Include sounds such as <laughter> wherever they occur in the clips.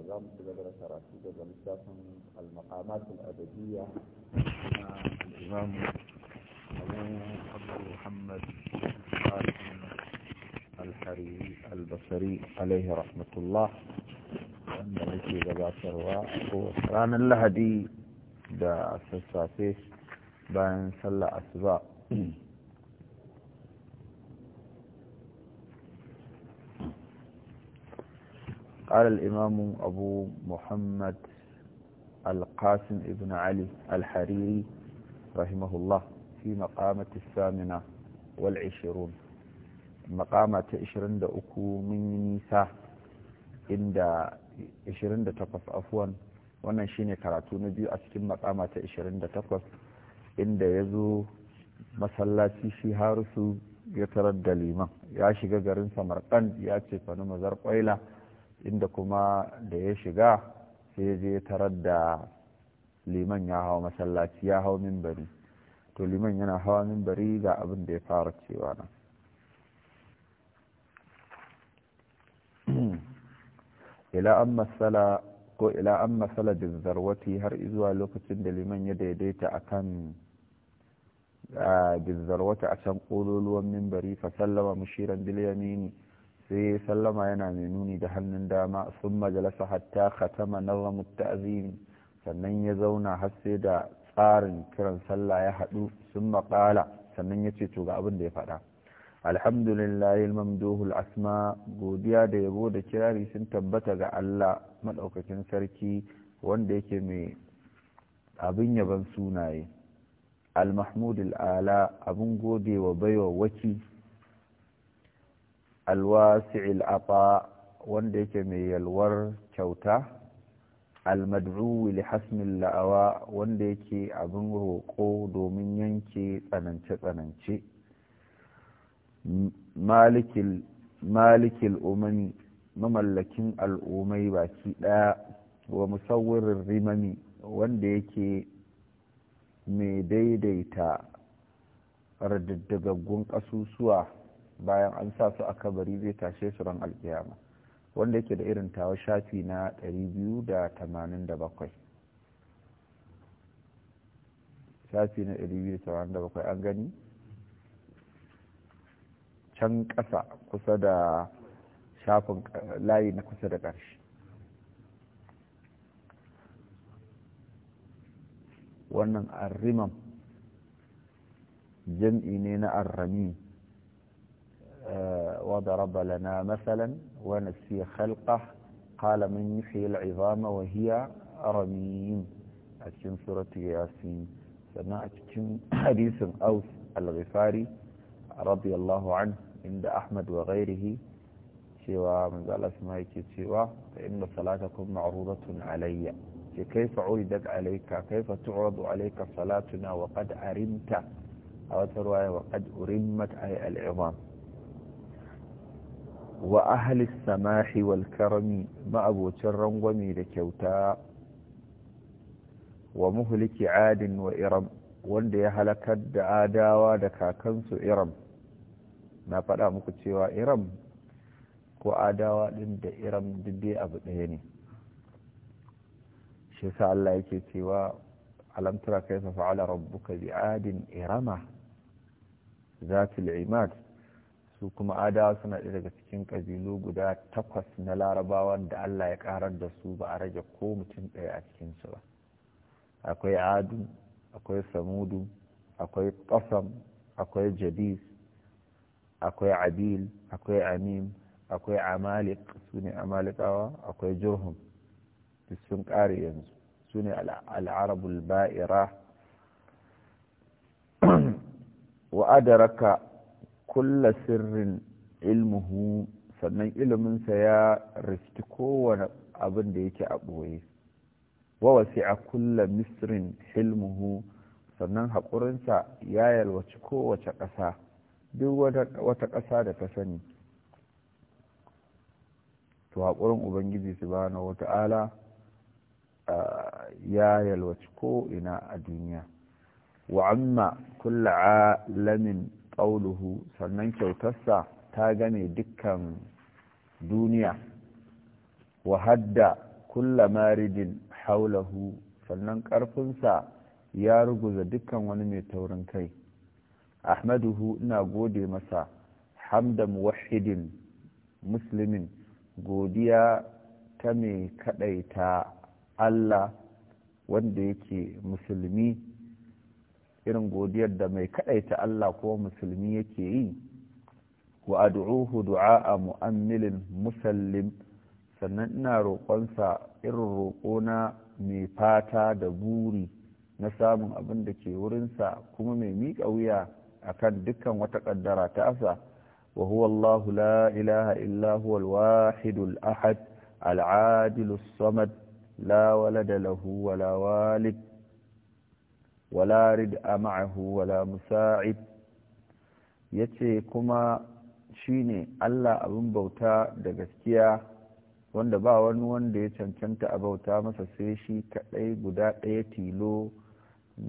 العظام في مدرسة بمستخدم المقامات الأدبية مع الإمام أبو محمد الحريري البصري عليه رحمة الله wanda muke gabatarwa ko ranar lahadi da sassafe بان صلى asuba قال الإمام أبو محمد القاسم ابن علي الحريري رحمه الله في مقامة الثامنة والعشرون مقامة عشرين دا أكو من نيسا عند عشرين دا تقف wannan shine karatu na biyu a cikin makama ta 28 inda ya zo masallaci shi harusu ya tarar da liman ya shiga garin samarkand ya ce fani mazar kwaila inda kuma da ya shiga sai ya je tarar da liman ya hau masallaci ya hau mimbari to liman yana hawa mimbari ga abin da ya fara cewa nan <clears throat> ila an masala ko ila an masala zarwati har izuwa lokacin da liman ya daidaita akan bizzarwata a can ƙololuwan mimbari fasallama mushiran bil sai sallama yana mai nuni da hannun dama sun majalasa hatta khatama nazamut ta'zim sannan ya zauna har sai da tsarin kiran sallah ya hadu sun maƙala sannan ya ce to ga abin da ya faɗa alhamdulillahi mamduhul asma godiya da yabo da kirari sun tabbata ga Allah maɗaukacin sarki wanda yake mai abin yaban sunaye al-mahmud ala abin gode wa baiwa waki alwasi'il afa wanda yake mai yalwar kyauta almad'u li hasmin la'awa wanda yake abin roƙo domin yanke tsanance-tsanance malikil umami mamallakin al'umai baki ɗaya wa musawwirin rimami wanda yake mai daidaita radaddagaggun ƙasusuwa bayan an sa su a kabari zai tashe su ran alkiyama wanda yake da irin tawa shafi na 287 shafi na 287 an gani can ƙasa kusa da shafin layi na kusa da ƙarshe wannan arriman jam'i ne na arrami آه، وضرب لنا مثلا ونسي خلقه قال من يحيي العظام وهي رميم أكين سورة ياسين سنة أكين حديث أوس الغفاري رضي الله عنه عند أحمد وغيره سوى من قال اسمائك سوى فإن صلاتكم معروضة علي كيف عرضت عليك كيف تعرض عليك صلاتنا وقد أرمت وقد أرمت أي العظام wa ahli samahi wal karami ma'abocin rangwami da kyauta wa muhliki adin wa iram wanda ya halakar da adawa da kakansu iram na faɗa muku cewa iram ko adawa ɗin da iram dai abu ɗaya ne shi sa Allah yake cewa alam tara kaifa fa'ala rabbuka bi adin irama zatil imad su kuma adawa suna ɗaya daga cikin ƙabilu guda takwas na larabawan da allah ya ƙarar da su ba a rage ko mutum ɗaya a cikinsu ba akwai adu akwai samudu akwai ƙasam akwai jadis akwai abil akwai Amin, akwai amalik su ne amalikawa akwai jurhum duk sun ƙare yanzu su ne al'arabul ba'ira <clears throat> wa adaraka kulla sirrin ilmuhu sannan iliminsa ya riski kowane abin da yake a ɓoye wa a kulla misrin ilmuhu sannan haƙurinsa ya yalwaci kowace ƙasa duk wata ƙasa da ta sani to haƙurin ubangiji subhanahu wata'ala ya yalwaci ko ina a duniya wa amma kulla alamin qauluhu sannan kyautarsa ta gane dukkan duniya wa hadda kulla maridin haulahu sannan ƙarfinsa ya ruguza dukkan wani mai taurin kai ahmaduhu ina gode masa hamda muwahidin muslimin godiya ta mai kaɗaita allah wanda yake musulmi irin godiyar da mai ta Allah ko musulmi yake yi wa ad'uhu du'a mu'ammilin musallim sannan ina roƙonsa irin roƙona mai fata da buri na samun abin da ke wurinsa kuma mai miƙa wuya a kan dukkan wata ƙaddara ta asa wa huwa Allah la ilaha illa huwa al-wahidul ahad al-adilus samad la walada lahu wala walid wala rid'a ma'ahu wala musa'id yace kuma shine Allah abin bauta da gaskiya wanda ba wani wanda ya cancanta a bauta masa sai shi kadai guda ɗaya tilo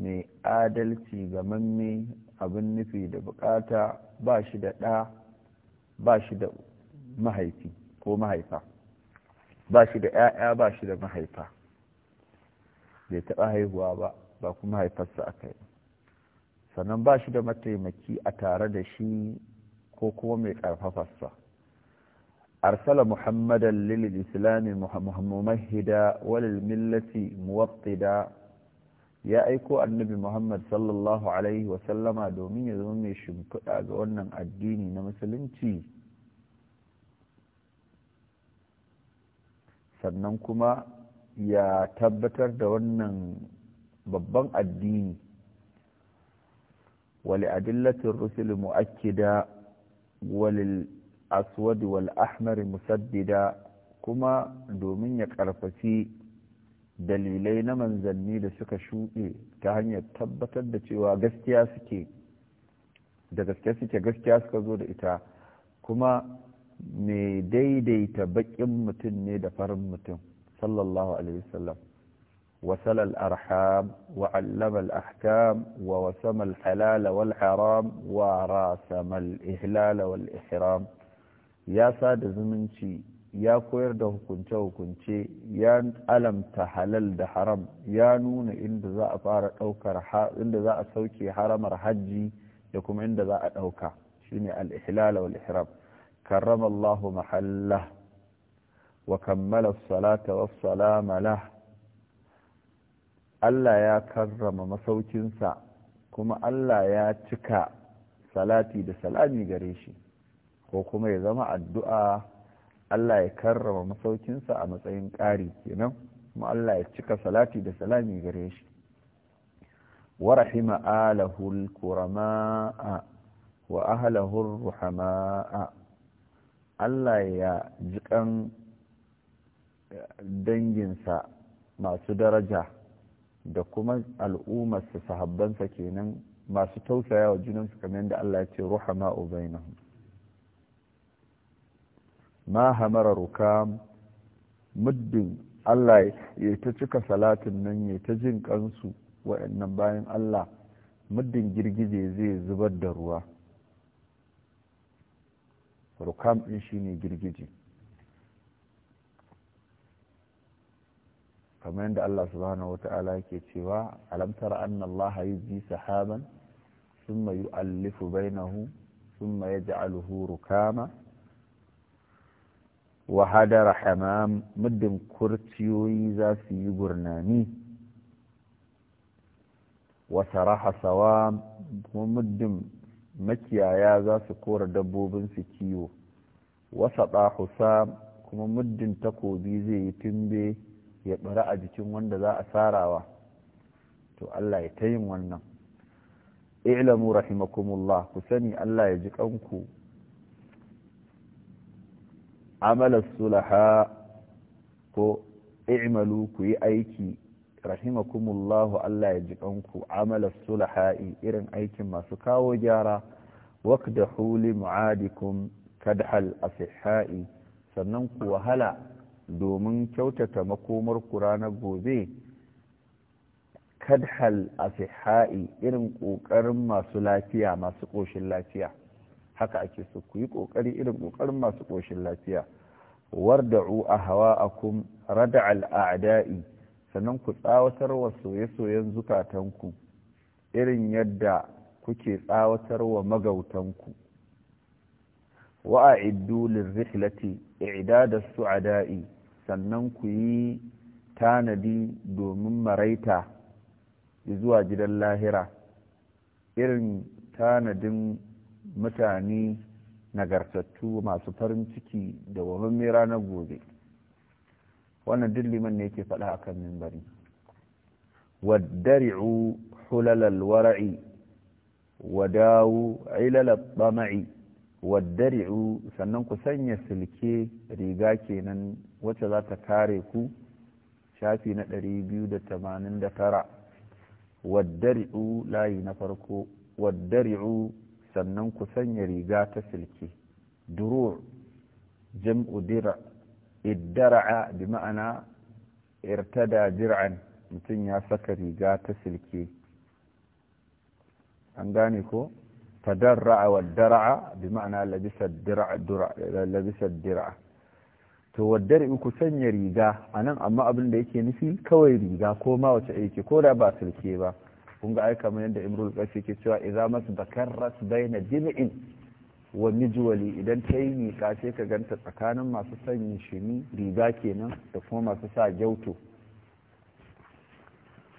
mai adalci ga mamme abin nufi da bukata ba shi da ɗa ba shi da mahaifi ko mahaifa ba shi da 'ya'ya ba shi da mahaifa bai taɓa haihuwa ba ba kuma haifarsa aka yi sannan ba shi da mataimaki a tare da shi ko kuma mai ƙarfafarsa arsala muhammadan lilil islami muhammadu walil millati muwaqqida ya aiko annabi muhammad sallallahu alaihi wasallama domin ya zama mai shimfiɗa ga wannan addini na musulunci sannan kuma ya tabbatar da wannan babban addini wali adillatin rusul mu'akkida walil aswad wal ahmar musaddida kuma domin ya karfafi dalilai na manzanni da suka shuɗe ta hanyar tabbatar da cewa gaskiya suke da gaskiya suke gaskiya suka zo da ita kuma mai daidaita baƙin mutum ne da farin mutum sallallahu alaihi wasallam وسل الأرحام وعلم الأحكام ووسم الحلال والحرام وراسم الإهلال والإحرام يا سادة زمنتي يا كوير ده كنشا وكنشي يا ألم تحلل ده حرام يا نون إن ذا أطار أوكا إن ذا أسوكي حرام رحجي لكم عند ذا أوكا شيني الإحلال والإحرام كرم الله محله وكمل الصلاة والسلام له Allah ya karrama masaukinsa kuma Allah ya cika salati da salami gare shi ko kuma ya zama addu'a Allah ya karrama masaukinsa a matsayin ƙari kenan kuma Allah ya cika salati da salami gare shi wa rahima alahul kurama'a wa ahlahur ruhama'a Allah ya jikan danginsa masu daraja da kuma al'ummarsa sahabbansa kenan masu tausaya wa junansu kamar yadda Allah ya ce ruhama ubainahum ma hamara rukam muddin Allah ya ta cika salatin nan ya ta jin kansu waɗannan bayan Allah muddin girgije zai zubar da ruwa rukam ɗin shine girgije kamar yadda Allah subhanahu wata'ala yake cewa alam tara anna Allah yuzhi sahaban thumma yu'allifu bainahu thumma yaj'aluhu rukama wa hadara hamam muddin kurciyoyi za su yi gurnani wa saraha sawam muddin makiyaya za su kora dabbobin su kiwo wasa husam kuma muddin takobi zai yi tumbe ya bari a jikin wanda za a sarawa to Allah ya ta yin wannan i'lamu rahimakumullah ku sani Allah ya ji kanku amalar sulaha ko i'malu ku yi aiki rahimakumullahu Allah ya ji kanku amalar sulaha irin aikin masu kawo gyara wakda huli mu'adikum kadhal asihha'i sannan ku wahala domin kyautata makomar na gobe kadhal a asihai irin ƙoƙarin masu lafiya masu ƙoshin lafiya haka ake so ku yi ƙoƙari irin ƙoƙarin masu ƙoshin lafiya warda'u a hawa a hawa'akum rada a'da'i sannan ku tsawatar wa soye-soyen zukatanku irin yadda kuke tsawatar wa magautanku wa da lirrihlati a su'ada'i sannan ku yi tanadi domin maraita zuwa gidan lahira irin tanadin mutane nagartattu masu farin ciki da wamamme ranar gobe wannan duk liman ne yake faɗa akan mimbari waddari'u hulalal wara'i wadawu ilalar ɓama'i waddari'u sannan ku sanya silke riga kenan wacce za ta kare ku shafi na ɗari da 289 waddari'u layi na farko waddari'u sannan ku sanya riga ta silke durur jam'u dira iddara'a bi ma'ana irtada jir'an mutum ya saka riga ta silke an gane ko fadarra'a waddara'a bi ma'ana labisar dira'a to waddar in ku sanya riga a nan amma abin da yake nufi kawai riga ko ma wace aiki ko da ba sulke ba kun ga aika mai yadda imrul qasi ke cewa idza bakar ras baina jim'in wa mijwali idan ta yi miƙa ce ka ganta tsakanin masu sanya shimi riga kenan da kuma masu sa gyauto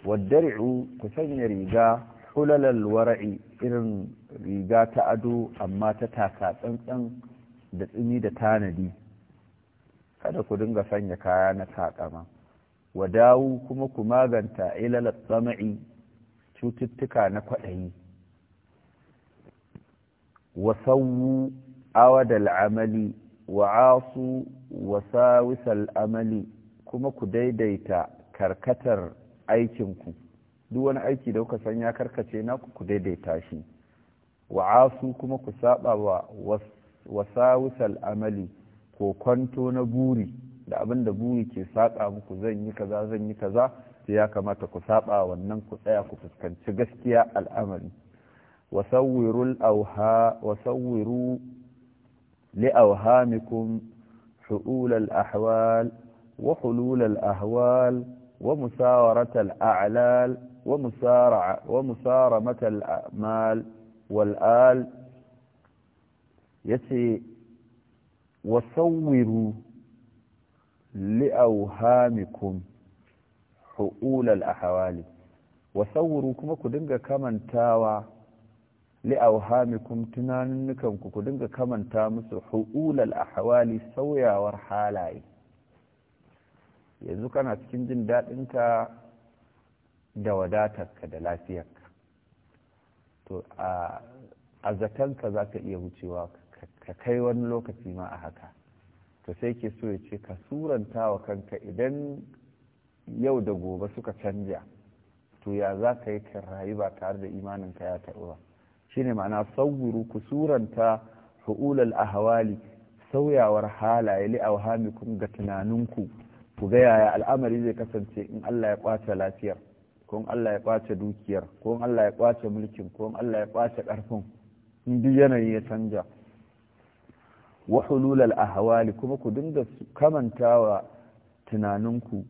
waddari'u ku sanya riga hulalal wara'i irin riga ta ado amma ta taka tsantsan da tsini da tanadi kada ku dinga sanya kaya na takama wa dawu kuma ku maganta ilalar tsama'i cututtuka na kwaɗayi wa sauwu awadal amali wa asu wa sawisal amali kuma ku daidaita karkatar aikinku duk wani aiki da kuka san ya karkace na ku daidaita shi wa asu kuma ku saba wa wasawisal amali ko kwanto na buri da abin da buri ke saƙa muku zan yi kaza zan yi kaza sai ya kamata ku saba wannan ku tsaya ku fuskanci gaskiya al'amari wasawwirul auha wasawwiru li awhamikum hu'ul al ahwal wa hulul al ahwal wa musawarat al a'lal wa musara'a wa musaramat al a'mal wal al yace wa sawwiru li'auhamikum hu'ulal ahwali wa sawwiru kuma ku dinga kamantawa li'auhamikum tunanunukan ku ku dinga kamanta musu hu'ulal ahwali sauyawar halaye yanzu kana cikin jin daɗinka da wadatarka da lafiyarka to a zatanka za ka iya wucewa ka kai wani lokaci ma a haka to sai ke so ya ce ka suranta wa kanka idan yau da gobe suka canja to ya za ka yi kan rayu ba tare da imaninka ya taɓa ba shine ma'ana sauburu ku suranta hu'ulal ahawali sauyawar halaye li ga tunaninku ku ga yaya al'amari zai kasance in Allah ya kwace lafiyar ko in Allah ya kwace dukiyar ko in Allah ya kwace mulkin ko in Allah ya kwace karfin in duk yanayi ya canja wa hululal ahwali kuma ku dinga kamantawa tunaninku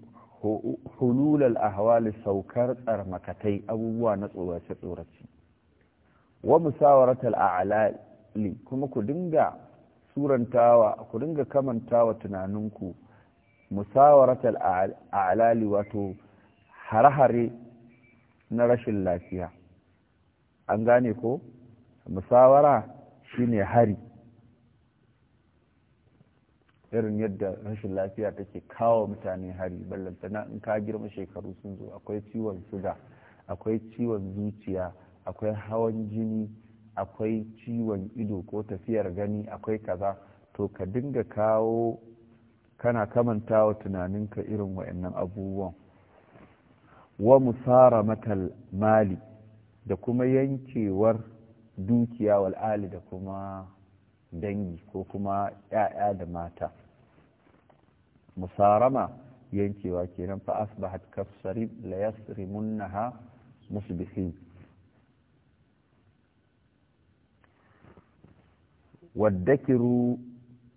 hululal ahwali saukar tsarmakatai abubuwa na tsorace tsorace wa musawaratal a'lali kuma ku dinga surantawa ku dinga kamantawa tunaninku musawaratal a'lali wato hare na rashin lafiya an gane ko musawara shine hari irin yadda rashin lafiya take kawo mutane hari ballantana in ka girma shekaru sun zo akwai ciwon suga akwai ciwon zuciya akwai hawan jini akwai ciwon ido ko tafiyar gani akwai kaza to ka dinga kawo kana kamantawa tunaninka irin wa'annan abubuwan wa musara matal mali da kuma yankewar dukiya wal'ali da kuma dangi ko kuma 'ya'ya da mata مصارمة ينتي واكينا فأصبحت asbahat ليصرمنها مصبحين والذكر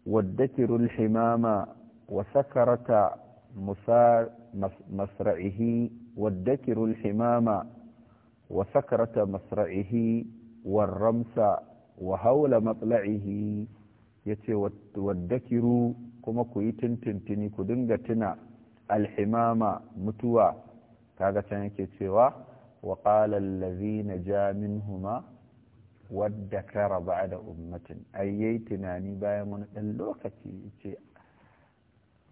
والذكر الحمام وسكرة مسرعه والذكر الحمام وسكرة مسرعه والرمس وهول مطلعه يتي والذكر kuma ku yi tintintini ku dinga tuna alhimama mutuwa kaga can yake cewa wa qala allazina ja minhuma wadda kara ba'da ummatin ai yayi tunani bayan wani dan lokaci yace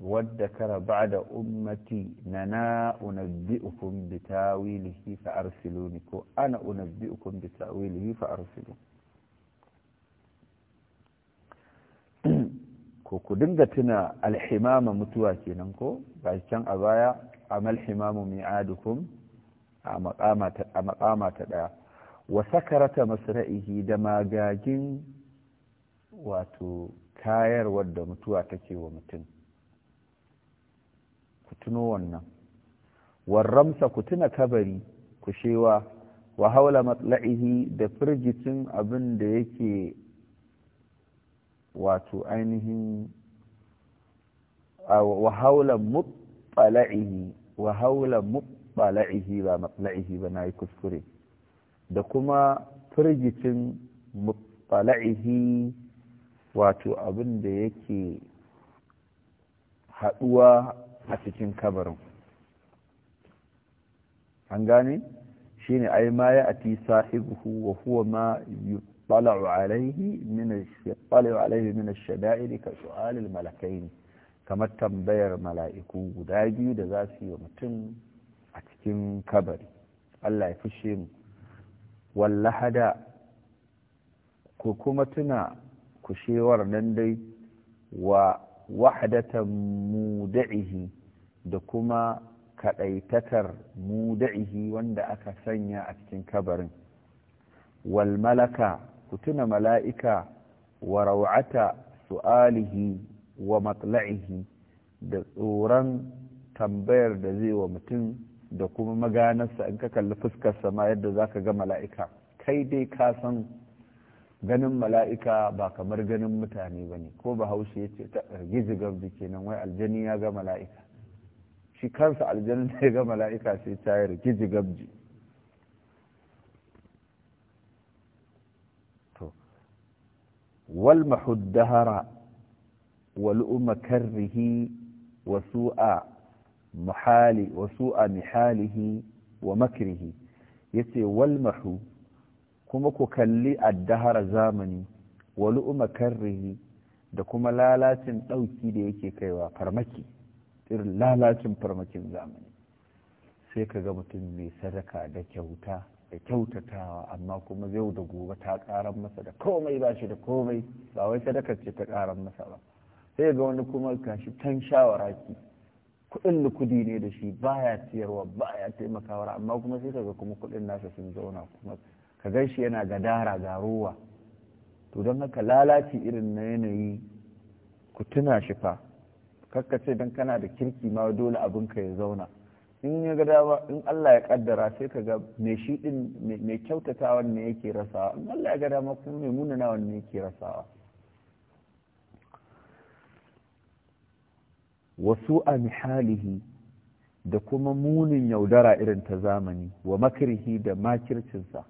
wadda ba'da ummati nana unabbi'ukum bitawilihi fa arsiluni ko ana unabbi'ukum bitawilihi fa arsiluni ko ku dinga tuna alhimama mutuwa kenan ko shi can a baya a malhimamu mi'adukum a makama ta ɗaya wa sakarata masra'ihi da magagin wato tayarwar da mutuwa take wa mutum ku tuno wannan warramsa ku tuna kabari ku shewa wa haula matla'ihi da firgicin abin da yake wato ainihin wa haula mutbala'ihi wa mutbala'ihi ba matsala'ihi ba na yi kuskure da kuma firgicin mutbala'ihi wato abin da yake haɗuwa a cikin kabarin an gane shi ne ai ma ya ati sahibu wa huwa ma يطلع عليه من يطلع عليه من الشدائد كسؤال الملكين kamar tambayar mala'iku guda biyu da za su yi wa mutum a cikin kabari Allah ya fushe mu wallahada ku kuma tuna kushewar nan dai wa wahdatan muda'ihi da kuma kaɗaitatar muda'ihi wanda aka sanya a cikin kabarin walmalaka su tuna mala'ika wa rawata su'alihi wa matla'ihi da tsoron tambayar da zai wa mutum da kuma maganarsa in ka kalli fuskarsa ma yadda za ka ga mala'ika kai dai ka san ganin mala'ika ba kamar ganin mutane ba ne ko ba haushe ya ce ta gizi kenan wai aljani ya ga mala'ika shi kansa aljanin ya ga mala'ika sai ta yi gabji wal mahuddahara wal umakarrihi wa su'a mihalihi wa makrihi yace wal mahu kuma ku kalli addahara zamani wal umakarrihi da kuma lalacin ɗauki da yake kaiwa farmaki irin lalacin farmakin zamani sai ka ga mutum mai sadaka da kyauta da kyautatawa amma kuma yau da gobe ta karan masa da komai ba shi da komai ba wai sadakar ce ta karan masa ba sai ga wani kuma gashi tan shawara ki kuɗin da kudi ne da shi baya ciyarwa baya taimakawa amma kuma sai kaga kuma kuɗin nasa sun zauna kuma ka gan shi yana gadara ga ruwa to don haka lalaci irin na yanayi ku tuna shi fa kakkace don kana da kirki ma dole abinka ya zauna in ya ga dama in Allah ya kaddara sai ka ga mai shi din mai kyautata wanne yake rasawa in Allah ya ga dama kuma mai munana wanne yake rasawa wasu an halihi da kuma munin yaudara irin ta zamani wa makirhi da makircinsa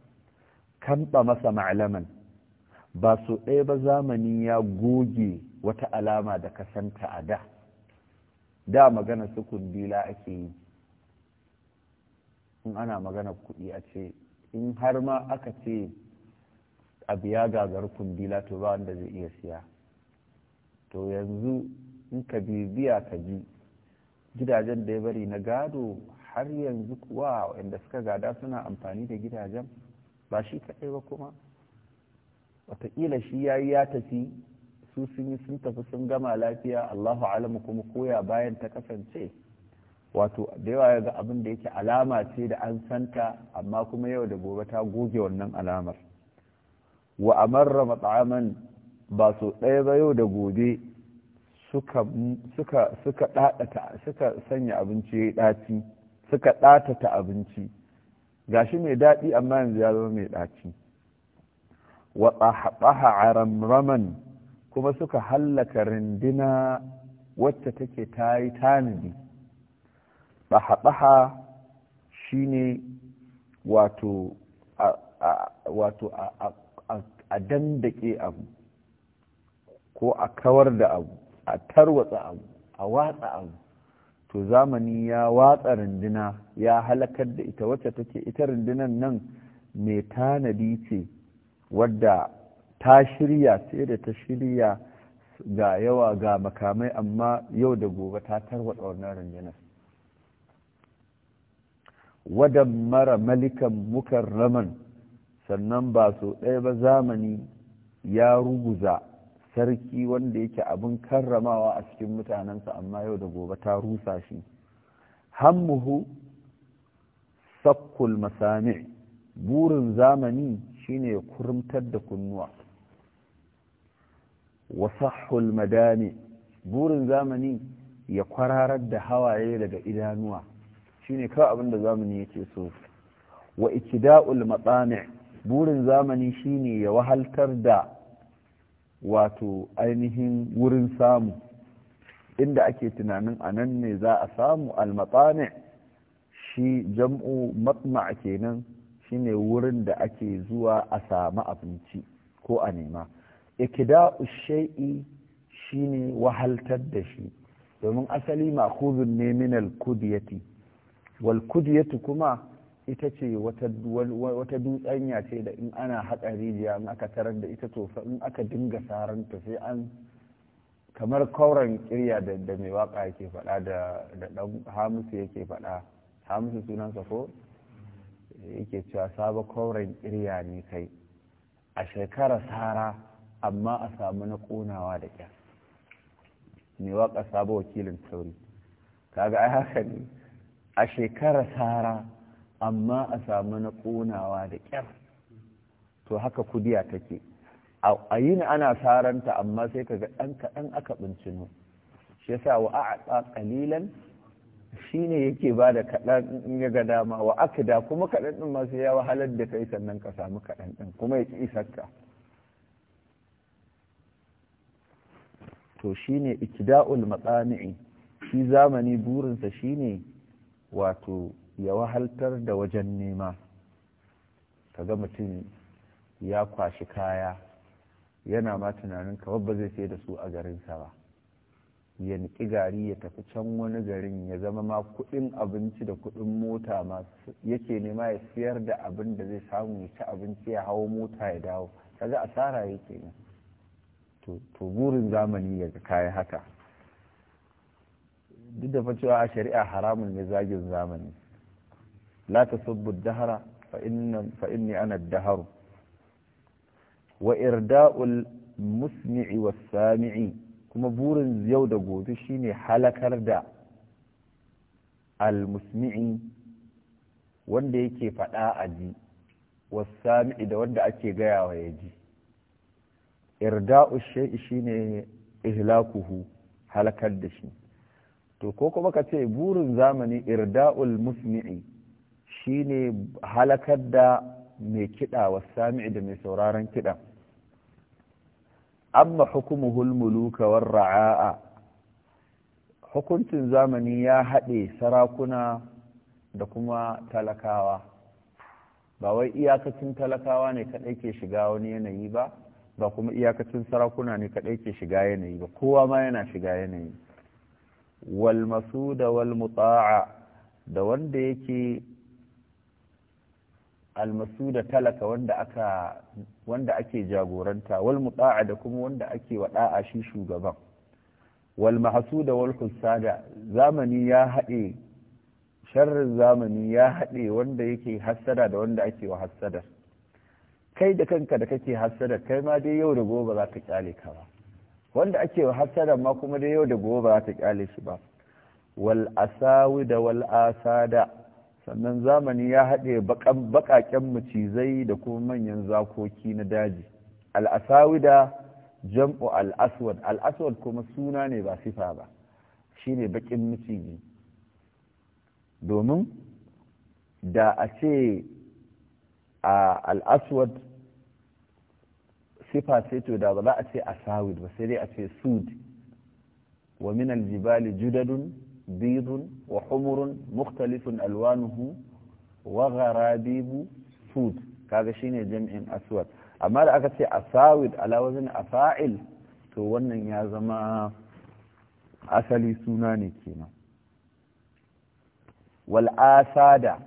kamba masa ma'alaman ba su ɗaya ba zamani ya goge wata alama da kasanta a da da magana sukun bila ake yi in ana magana kuɗi a ce in har ma aka ce a biya gagar kundila to ba wanda zai iya siya to yanzu in ka bibiya ka ji gidajen da ya bari na gado har yanzu kuwa waɗanda suka gada suna amfani da gidajen ba shi kaɗai ba kuma wataƙila shi ya yi ya tafi su sun yi sun tafi sun gama lafiya allahu alamu kuma koya bayan ta kasance wato da yawa ga abin da yake alama ce da an santa amma kuma yau da gobe ta goge wannan alamar wa amarra mat'aman ba so ɗaya ba yau da gobe suka suka suka suka sanya abinci yayi ɗaci suka ɗatata abinci gashi mai daɗi amma yanzu ya zama mai ɗaci wa tsaha ramraman kuma suka hallaka rindina wacce take tayi tanadi ɓaha-ɓaha shi ne wato a dandake abu ko a kawar da abu a tarwatsa abu a watsa abu to zamani ya watsa runduna ya halakar da ita wacce take ita rundunan nan mai tanadi ce wadda ta shirya sai da ta shirya ga yawa ga makamai amma yau da gobe ta tarwatsa wannan rundunar wadan mara malikan mukarraman sannan ba so ɗaya ba zamani ya ruguza sarki wanda yake abin karramawa a cikin mutanensa amma yau da gobe ta rusa shi hammuhu sakkul masami burin zamani shine ya kurumtar da kunnuwa wasahul madani burin zamani ya kwararar da hawaye daga idanuwa shine ka abin da zamani yake so wa ikida'ul matsami burin zamani shine ya wahaltar da wato ainihin wurin samu inda ake tunanin a nan ne za a samu almatsami shi jam'u matma kenan shine wurin da ake zuwa a samu abinci ko a nema ikida'u shai'i shine wahaltar da shi domin asali ma'khuzun ne min al-kudiyati wal kudiyatu kuma ita ce wata dutsanya ce da in ana haƙa rijiya in aka tarar da ita tofa in aka dinga saranta sai an kamar kauran kirya da mai waka yake faɗa da ɗan hamisu yake faɗa hamisu sunansa ko yake cewa saba kauran kirya ne kai a shekara sara amma a samu na ƙonawa da ƙyar mai waka saba wakilin tauri kaga ai haka ne a shekara sara amma a samu na ƙonawa da ƙyar to haka kudiya take a yin ana saranta amma sai ka ga ɗan kaɗan aka bincino shi yasa wa a ƙalilan shi ne yake ba da kaɗan in ya ga dama wa da kuma kaɗan ɗin masu ya wahalar da kai sannan ka samu kaɗan ɗin kuma ya ƙi isarka to shi ne ikida'ul matsani'i shi zamani burinsa shi ne wato ya wahaltar da wajen nema kaga mutum ya kwashi kaya yana ma tunanin kamar ba zai sai da su a garinsa ba ya niƙi gari ya tafi can wani garin ya zama ma kuɗin abinci da kuɗin mota ma yake nema ya siyar da abin da zai samu ya ci abinci ya hawo mota ya dawo kaga asara yake ne to burin zamani ya ga kaya haka duk da cewa a shari'a haramun ne zagin zamani la sabbin dahara fa inna ana daharu wa irda'ul musmi'i was sami'i kuma burin yau da gobe shine halakar da al musmi'i wanda yake faɗa a ji was sami'i da wanda ake gaya wa ya ji irda'u shay'i shine ihlakuhu halakar da shi to ko kuma ka ce burin zamani irda'ul musmi'i shine halakar da mai kiɗa wa sami'i da mai sauraron kiɗa amma hukumuhul muluka war ra'a'a hukuncin zamani ya haɗe sarakuna da kuma talakawa ba wai iyakacin talakawa ne kaɗai ke shiga wani yanayi ba ba kuma iyakacin sarakuna ne kaɗai ke shiga yanayi ba kowa ma yana shiga yanayi Walmasu da wal da wanda yake da talaka wanda aka ake jagoranta wal da kuma wanda ake wada'a shi shugaban wal da wal husada zamani ya haɗe sharrin zamani ya haɗe wanda yake hassada da wanda ake wa hassada kai da kanka da kake hassada kai ma dai yau da gobe za ka kyale ka ba wanda ake hasada ma kuma da yau da gobe ba ta kyale shi ba wal asawi da wal asada sannan zamani ya haɗe baƙaƙen macizai da kuma manyan zakoki na daji al asawi da jam'u al aswad al aswad kuma suna ne ba sifa ba shine baƙin maciji domin da a ce a al aswad sifa ce to da ba za a ce asawid ba sai dai a ce sud wa min aljibali judadun bidun wa humurun mukhtalifun alwanuhu wa gharabibu sud kaga shine jam'in aswad amma da aka ce asawid ala wazin afa'il to wannan ya zama asali suna ne kenan wal asada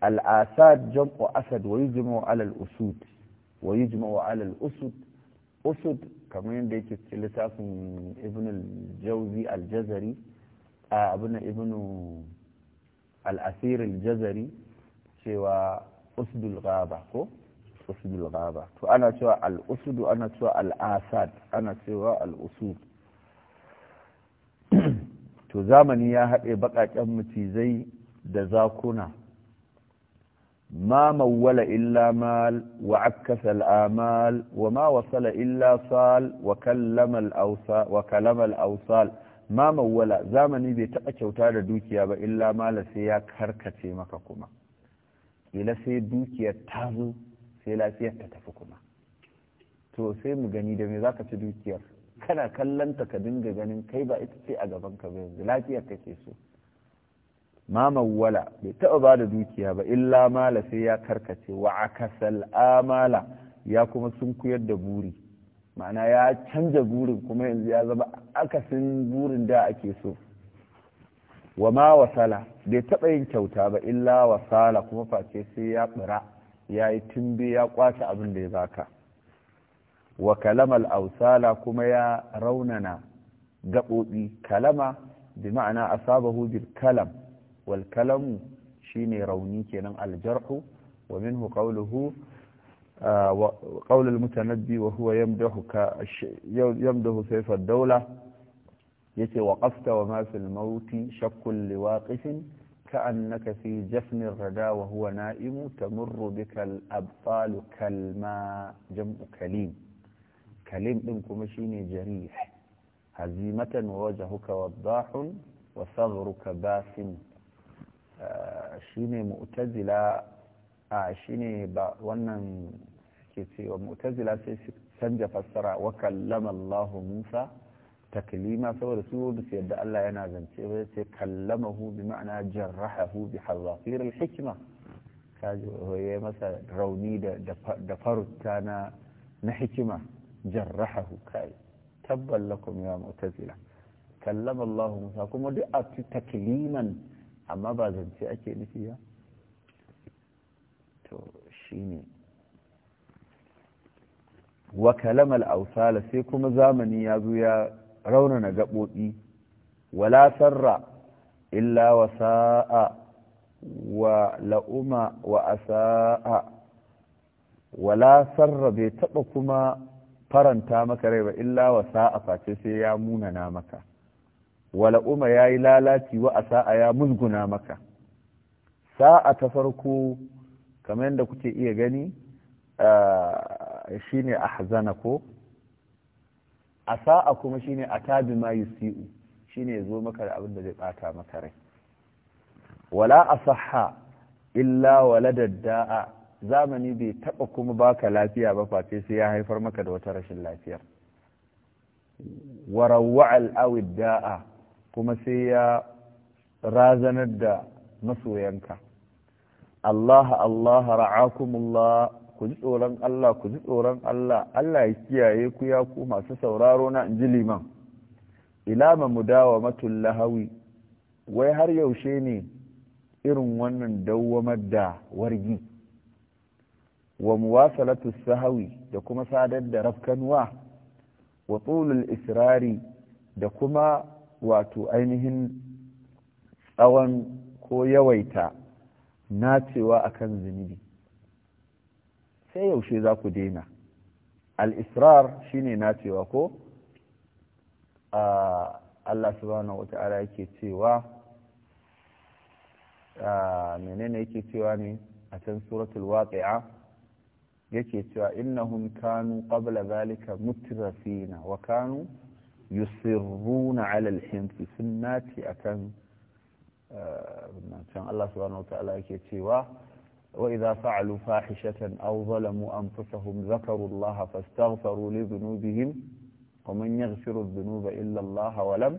al asad jam'u asad wa yujma'u ala al usud ويجمع على الأسد usud kamar yadda yake cikin littafin ibn al-jawzi al-jazari a abin ibn al-asir al-jazari cewa usdul ghaba ko usdul ghaba to ana cewa al-usudu ana cewa al-asad ana cewa al-usud to zamani ya haɗe baƙaƙen mutizai da zakuna ما مول إلا مال وعكس الآمال وما وصل إلا صال وكلم الأوصال, وكلم الأوصال ما مول زامني بيتقى شوتار دوكيا إلا مال سياك هركتي مككما إلا سي دوكيا تازو سيلا سياك تتفكما to sai mu gani da me zaka ci dukiyar kana kallanta ka dinga ganin kai ba ita ce a gaban ka ba yanzu lafiyar kake so ma mawwala bai taɓa ba da dukiya ba illa mala sai ya karkace wa akasal amala ya kuma sunkuyar da buri ma'ana ya canja burin kuma yanzu ya zama akasin burin da ake so wa ma wasala bai taɓa yin kyauta ba illa wasala kuma face sai ya ɓira ya yi tumbe ya kwace abin da ya baka wa kalamal ausala kuma ya raunana gaɓoɓi kalama bi ma'ana asabahu bil kalam والكلم شيني روني rauni الجرح ومنه قوله آه، وقول قول المتنبي وهو يمدحك يمدح سيف الدولة يتي وقفت وما في الموت شك لواقف كأنك في جفن الردى وهو نائم تمر بك الأبطال كالماء جمع كليم كليم إنكم شيني جريح هزيمة ووجهك وضاح وثغرك باسم shine mu'tazila a shine ba wannan ke cewa mu'tazila sai su canja fassara wa kallama Allah Musa taklima saboda su ba su yadda Allah yana zance ba sai kallamahu bi ma'ana jarrahahu bi hazafir al-hikma kaji ya masa rauni da da farutta na na hikima jarrahahu kai tabbal ya mu'tazila kallama Allah Musa kuma duk a takliman amma ba zance ake nufi ba to shi ne. Wakalamal ausala sai kuma zamani ya zo ya raunana gaɓoɓi wala sarra illa wa sa'a wa la'uma wa asa'a wala sarra bai taɓa kuma faranta maka rai ba illa wa sa'a face sai ya munana maka wala Umar ya yi lalaci wa a sa'a ya musguna maka sa'a ta farko kamar yadda kuke iya gani ah, shine a hazana ko a sa'a kuma shine a tabi ma siu shi ne zo maka da abin da zai bata maka rai wala a saha illa da da'a zamani bai taɓa kuma baka lafiya ba face sai ya haifar maka da wata rashin lafiyar warawwa al'awid da'a kuma sai ya razanar da masoyanka Allah Allah ra'akumullah ku ji tsoron Allah ku ji tsoron Allah Allah ya kiyaye ku ya ku masu sauraro na inji liman ila ma mudawamatul lahawi wai har yaushe ne irin wannan dawwamar da wargi wa muwasalatu sahawi da kuma sadar da rafkanuwa wa tulul israri da kuma wato ainihin tsawon ko yawaita nacewa akan zunubi sai yaushe za ku daina al-israr shine cewa ko Allah subhanahu wata'ala yake cewa menene yake cewa ne a can suratul waqi'a yake cewa innahum kanu qabla zalika mutrafina wa kanu يصرون على الحنث سنة أكن آه، كان الله سبحانه وتعالى كتوى وإذا فعلوا فاحشة أو ظلموا أنفسهم ذكروا الله فاستغفروا لذنوبهم ومن يغفر الذنوب إلا الله ولم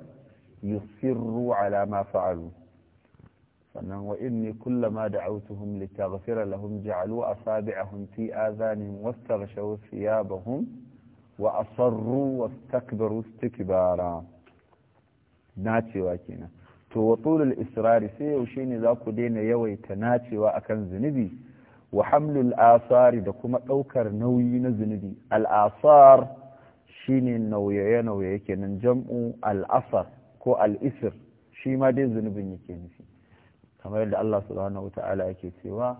يصروا على ما فعلوا وإني كلما دعوتهم لتغفر لهم جعلوا أصابعهم في آذانهم واستغشوا ثيابهم wa asarru wa takbaru istikbara nacewa kenan to wa tulul israri sai yaushe ne za ku daina yawaita nacewa akan zunubi wahamlul asari da kuma ɗaukar nauyi na zunubi al'asar shine nauyaye-nauyaye kenan jam'u al'asar ko al'isir shi ma dai zunubin yake nufi kamar yadda Allah subhanahu wa ta'ala yake cewa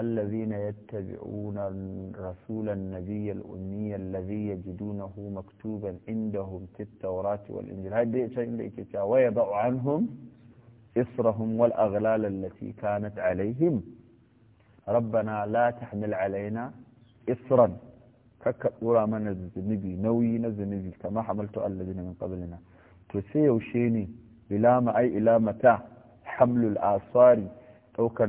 الذين يتبعون الرسول النبي الأمي الذي يجدونه مكتوبا عندهم في التوراة والإنجيل هذه شيء ويضع عنهم إصرهم والأغلال التي كانت عليهم ربنا لا تحمل علينا إصرا ككورا من الزنبي نوي نزنبي كما حملت الذين من قبلنا تسيوشيني إلى ما أي إلى متى حمل الآثار ɗaukar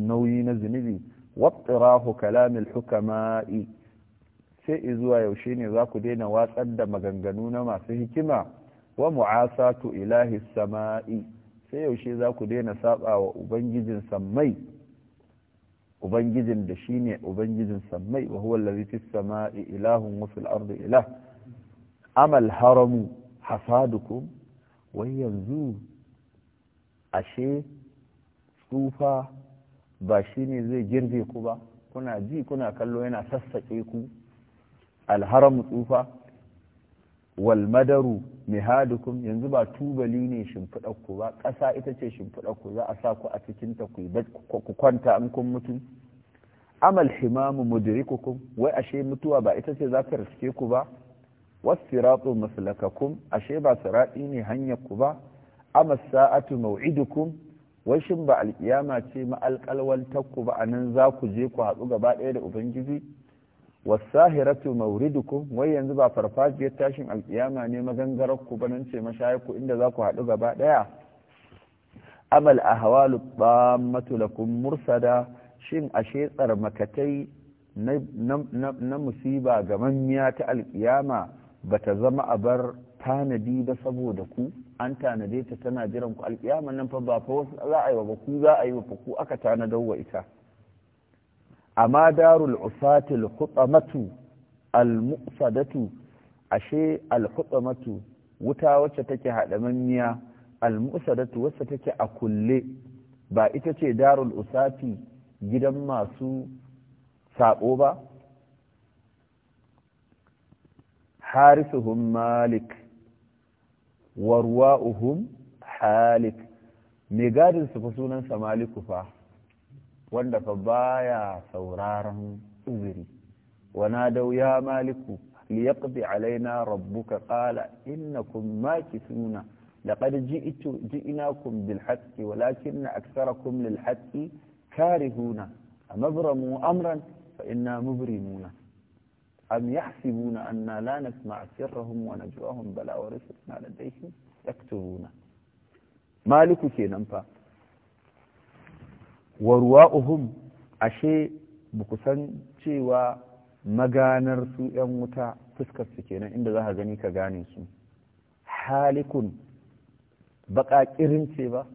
nauyi na zunubi wattirahu kalamil hukama'i sai izuwa yaushe ne za ku daina watsar da maganganu na masu hikima wa mu'asatu ilahi sama'i sai yaushe za ku daina saba wa ubangijin sammai ubangijin da ne ubangijin sammai wa huwa sama'i ilahun wasu al'ardu ila ilah amal haramu hasadukum wai yanzu ashe tsufa ba shi ne zai girbe ku ba kuna ji kuna kallo yana sassaƙe ku alharamu tsufa walmadaru mihadukum yanzu ba tubali ne ku ba ƙasa ita ce ku za a sa ku a cikinta ku kwanta in kun mutu amal himamu mudrikukum wai ashe mutuwa ba ita ce za ta riske ku ba wasiratu maslakakum ashe ba sirati ne hanyar ku ba amas sa'atu maw'idukum wai shin ba alkiyama ce ma'alƙalwal takku ba anan za ku je ku haɗu gaba ɗaya da ubangiji wasahiratu mawridukum wai yanzu ba farfajiyar tashin alkiyama ne magangarar ku ba nan ce ku inda za ku haɗu gaba ɗaya amal ahwalu tammatu lakum mursada shin ashe makatai na musiba ga mamiya ta alkiyama bata zama a bar tanadi ba saboda ku an tanade ta tana jiran ku alƙiyama nan fa ba fa wasu za a yi wa ba ku za a yi wa fa ku aka tanadar wa ita amma darul usatil hutamatu al-muqsadatu ashe al-hutamatu wuta wacce take hadamanniya al-muqsadatu wacce take a kulle ba ita ce darul usati gidan masu sabo ba harisuhum malik warwa'uhum halik me gadin su fa sunan sa maliku fa wanda fa baya sauraron uzuri wana da ya maliku li yaqdi alaina rabbuka qala innakum makithuna laqad ji'tu ji'nakum bil haqqi walakin na aktharakum lil haqqi karihuna amabramu amran fa inna mubrimuna am yahsibuna anna la nasma'a sirrahum wa najwahum bala wa rusuluna ladayhim yaktubuna maliku kenan fa wa ruwa'uhum ashe buku cewa maganar su yan wuta fuskar su kenan inda za ka gani ka gane su halikun baƙaƙirin ce ba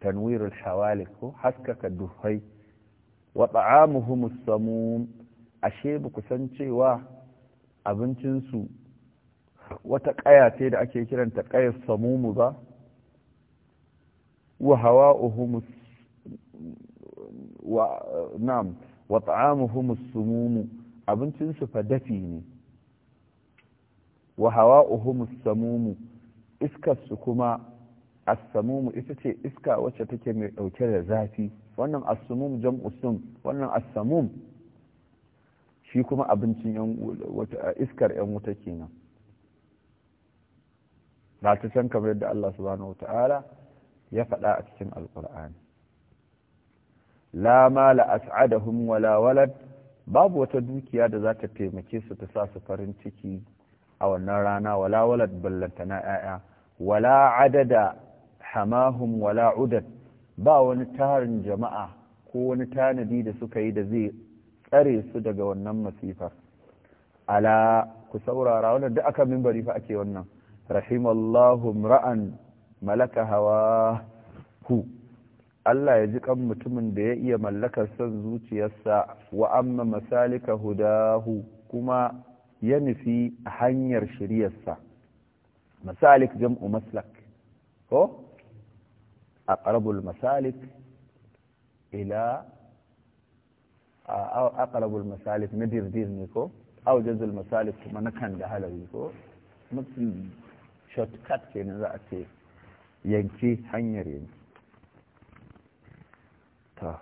tanwirul hawalik ko haskaka duhai wa ta'amuhum samum ashe ba ku san cewa abincinsu wata ƙaya ce da ake kiranta ƙayar samumu ba wa hawa uhumus wa nam wa ta'amuhumus sumumu abincinsu fa dafi ne wa hawa uhumus samumu iskarsu kuma samumu ita ce iska wacce take mai ɗauke da zafi wannan assamumu jam'u sum wannan assamum shi kuma abincin iskar yan wuta kenan ba ta can kamar yadda Allah subhanahu wata'ala ya faɗa a cikin Alkur'ani. la mala as'adahum wala walad babu wata dukiya da za ta taimake su ta sa su farin ciki a wannan rana wala walad na 'ya'ya wala adada hamahum wala udad ba wani tarin jama'a ko wani tanadi da suka yi da zai tsare su daga wannan masifar ala ku saurara wannan duk aka mimbari fa ake wannan rahimallahu ra'an malaka hawa hu Allah ya ji kan mutumin da ya iya mallakar son zuciyarsa wa amma masalika hudahu kuma ya nufi hanyar shiriyarsa. masalik jam'u maslak ko aqrabul masalik ila aqrabul masalif na dirdir ne ko aujazul masalif kuma na kan da halawi ko mutum shortcut kenan za a ce yanki hanyar yanki ta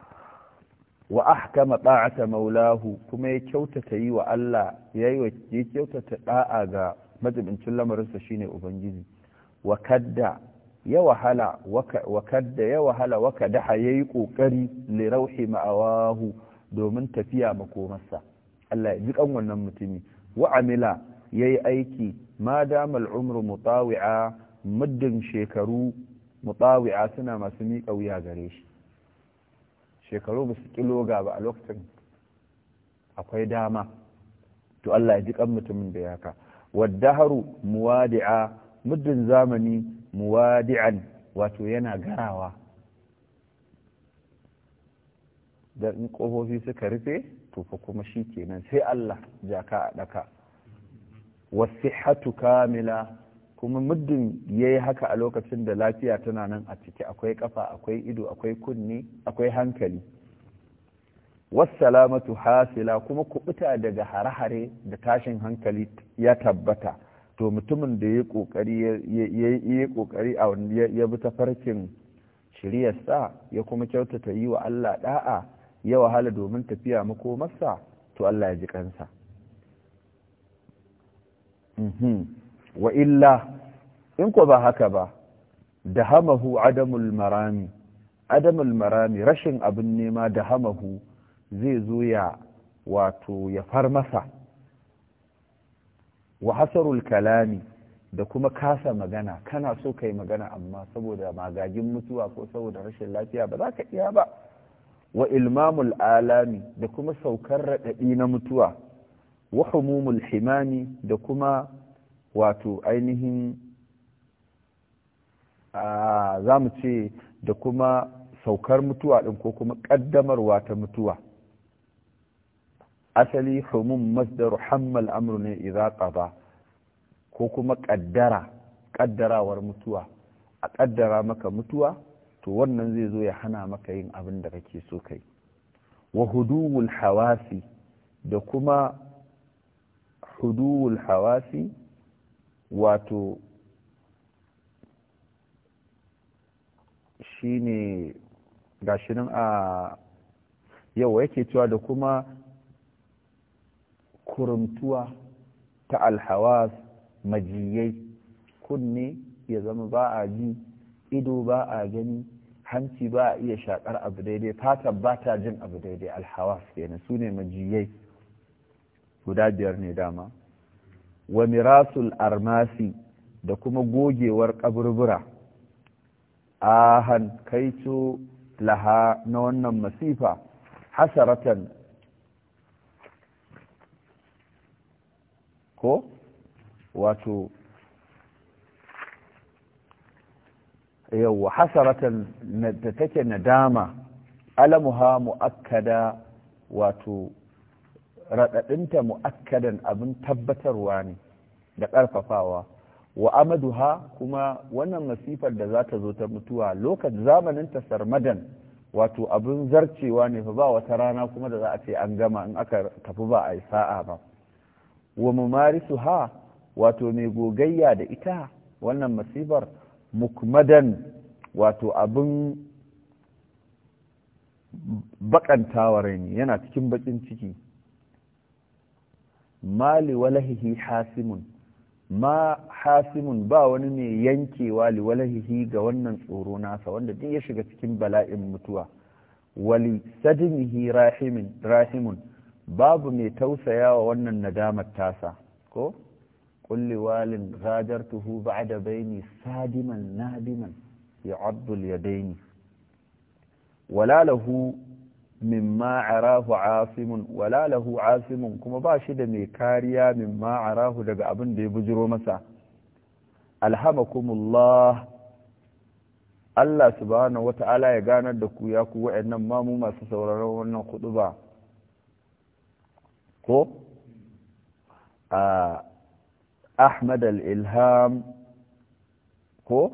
wa ahkama ta'ata maulahu kuma ya kyautata yi wa Allah yayi ya kyautata da'a ga lamarin lamarinsa shine ubangiji wa kadda ya wahala wa kadda ya wahala wa kadaha yayi kokari li rauhi ma'awahu domin tafiya makomarsa Allah ya ji kan wannan mutumi wa amila yayi aiki ma damal umru mutawi'a muddin shekaru mutawi'a suna masu miƙa wuya gare shi shekaru ba su ga ba a lokacin akwai dama to Allah ya ji kan mutumin da yaka waddaharu muwadi'a muddin zamani muwadi'an wato yana garawa da in ƙofofi suka rufe to fa kuma shi kenan sai Allah jaka a ɗaka wasihatu kamila kuma muddin ya yi haka a lokacin da lafiya tana nan a ciki akwai kafa akwai ido akwai kunni akwai hankali wassalamatu hasila kuma kubuta daga hare-hare da tashin hankali ya tabbata to mutumin da ya kokari ya kokari a ya bi tafarkin shiryarsa ya kuma kyautata yi wa Allah ɗa'a. ya wahala domin tafiya masa? to Allah ya ji kansa mhm. wa illa in ko ba haka ba da hamahu adamul marami adamul marami rashin abin nema da hamahu zai zo ya wato ya far masa wa hasarul kalami da kuma kasa magana kana so kai magana amma saboda magagin mutuwa ko saboda rashin lafiya ba za ka iya ba wa ilmamul alami da kuma saukar raɗaɗi na mutuwa wa humumul himami da kuma wato ainihin za mu ce da kuma saukar mutuwa ɗin ko kuma ƙaddamarwa ta mutuwa asali humum masdaru hammal amru ne idza qada ko kuma ƙaddara ƙaddarawar mutuwa a ƙaddara maka mutuwa to wannan zai zo ya hana maka yin abin da kake so kai wa huduwul hawasi da kuma huduwul hawasi wato shine gashirin a yawa yake cewa da kuma kurumtuwa ta alhawas majiyai kunne ya zama ba a ji ido ba a gani hanci ba a iya shakar abu daidai fata ba ta jin abu daidai alhawas kenan su ne majiyai guda biyar ne dama wa mirasul armasi da kuma gogewar kaburbura han kaito laha na wannan masifa hasaratan ko wato Yau, hasaratan da take nadama alamuha mu'akkada wato raɗaɗinta mu'akkadan abin tabbatarwa ne da ƙarfafawa wa amaduha kuma wannan masifar da za ta zo ta mutuwa lokacin zamanin ta sarmadan wato abin zarcewa ne fa ba wata rana kuma da za a ce an gama in aka tafi ba a yi sa'a ba wa mumarisu wato mai gogayya da ita wannan masifar mukmadan wato abin bakantawa yana cikin bakin ciki mali walahihi hasimun ma hasimun ba wani ne yankewa li walahihi ga wannan tsoro nasa wanda duk ya shiga cikin bala'in mutuwa wali sadimihi rahimun babu mai tausayawa wannan nadamar tasa ko kulli walin zajartuhu ba'da baini sadiman nadiman يعض اليدين ولا له مما عراه عاصم ولا له عاصم كما باشي da mai kariya mimma arahu daga abin da ya bujiro masa alhamakumullah Allah subhanahu wata'ala ya ganar da ku ya ku wayannan mamu masu sauraron wannan khutba ko أحمد الإلهام كو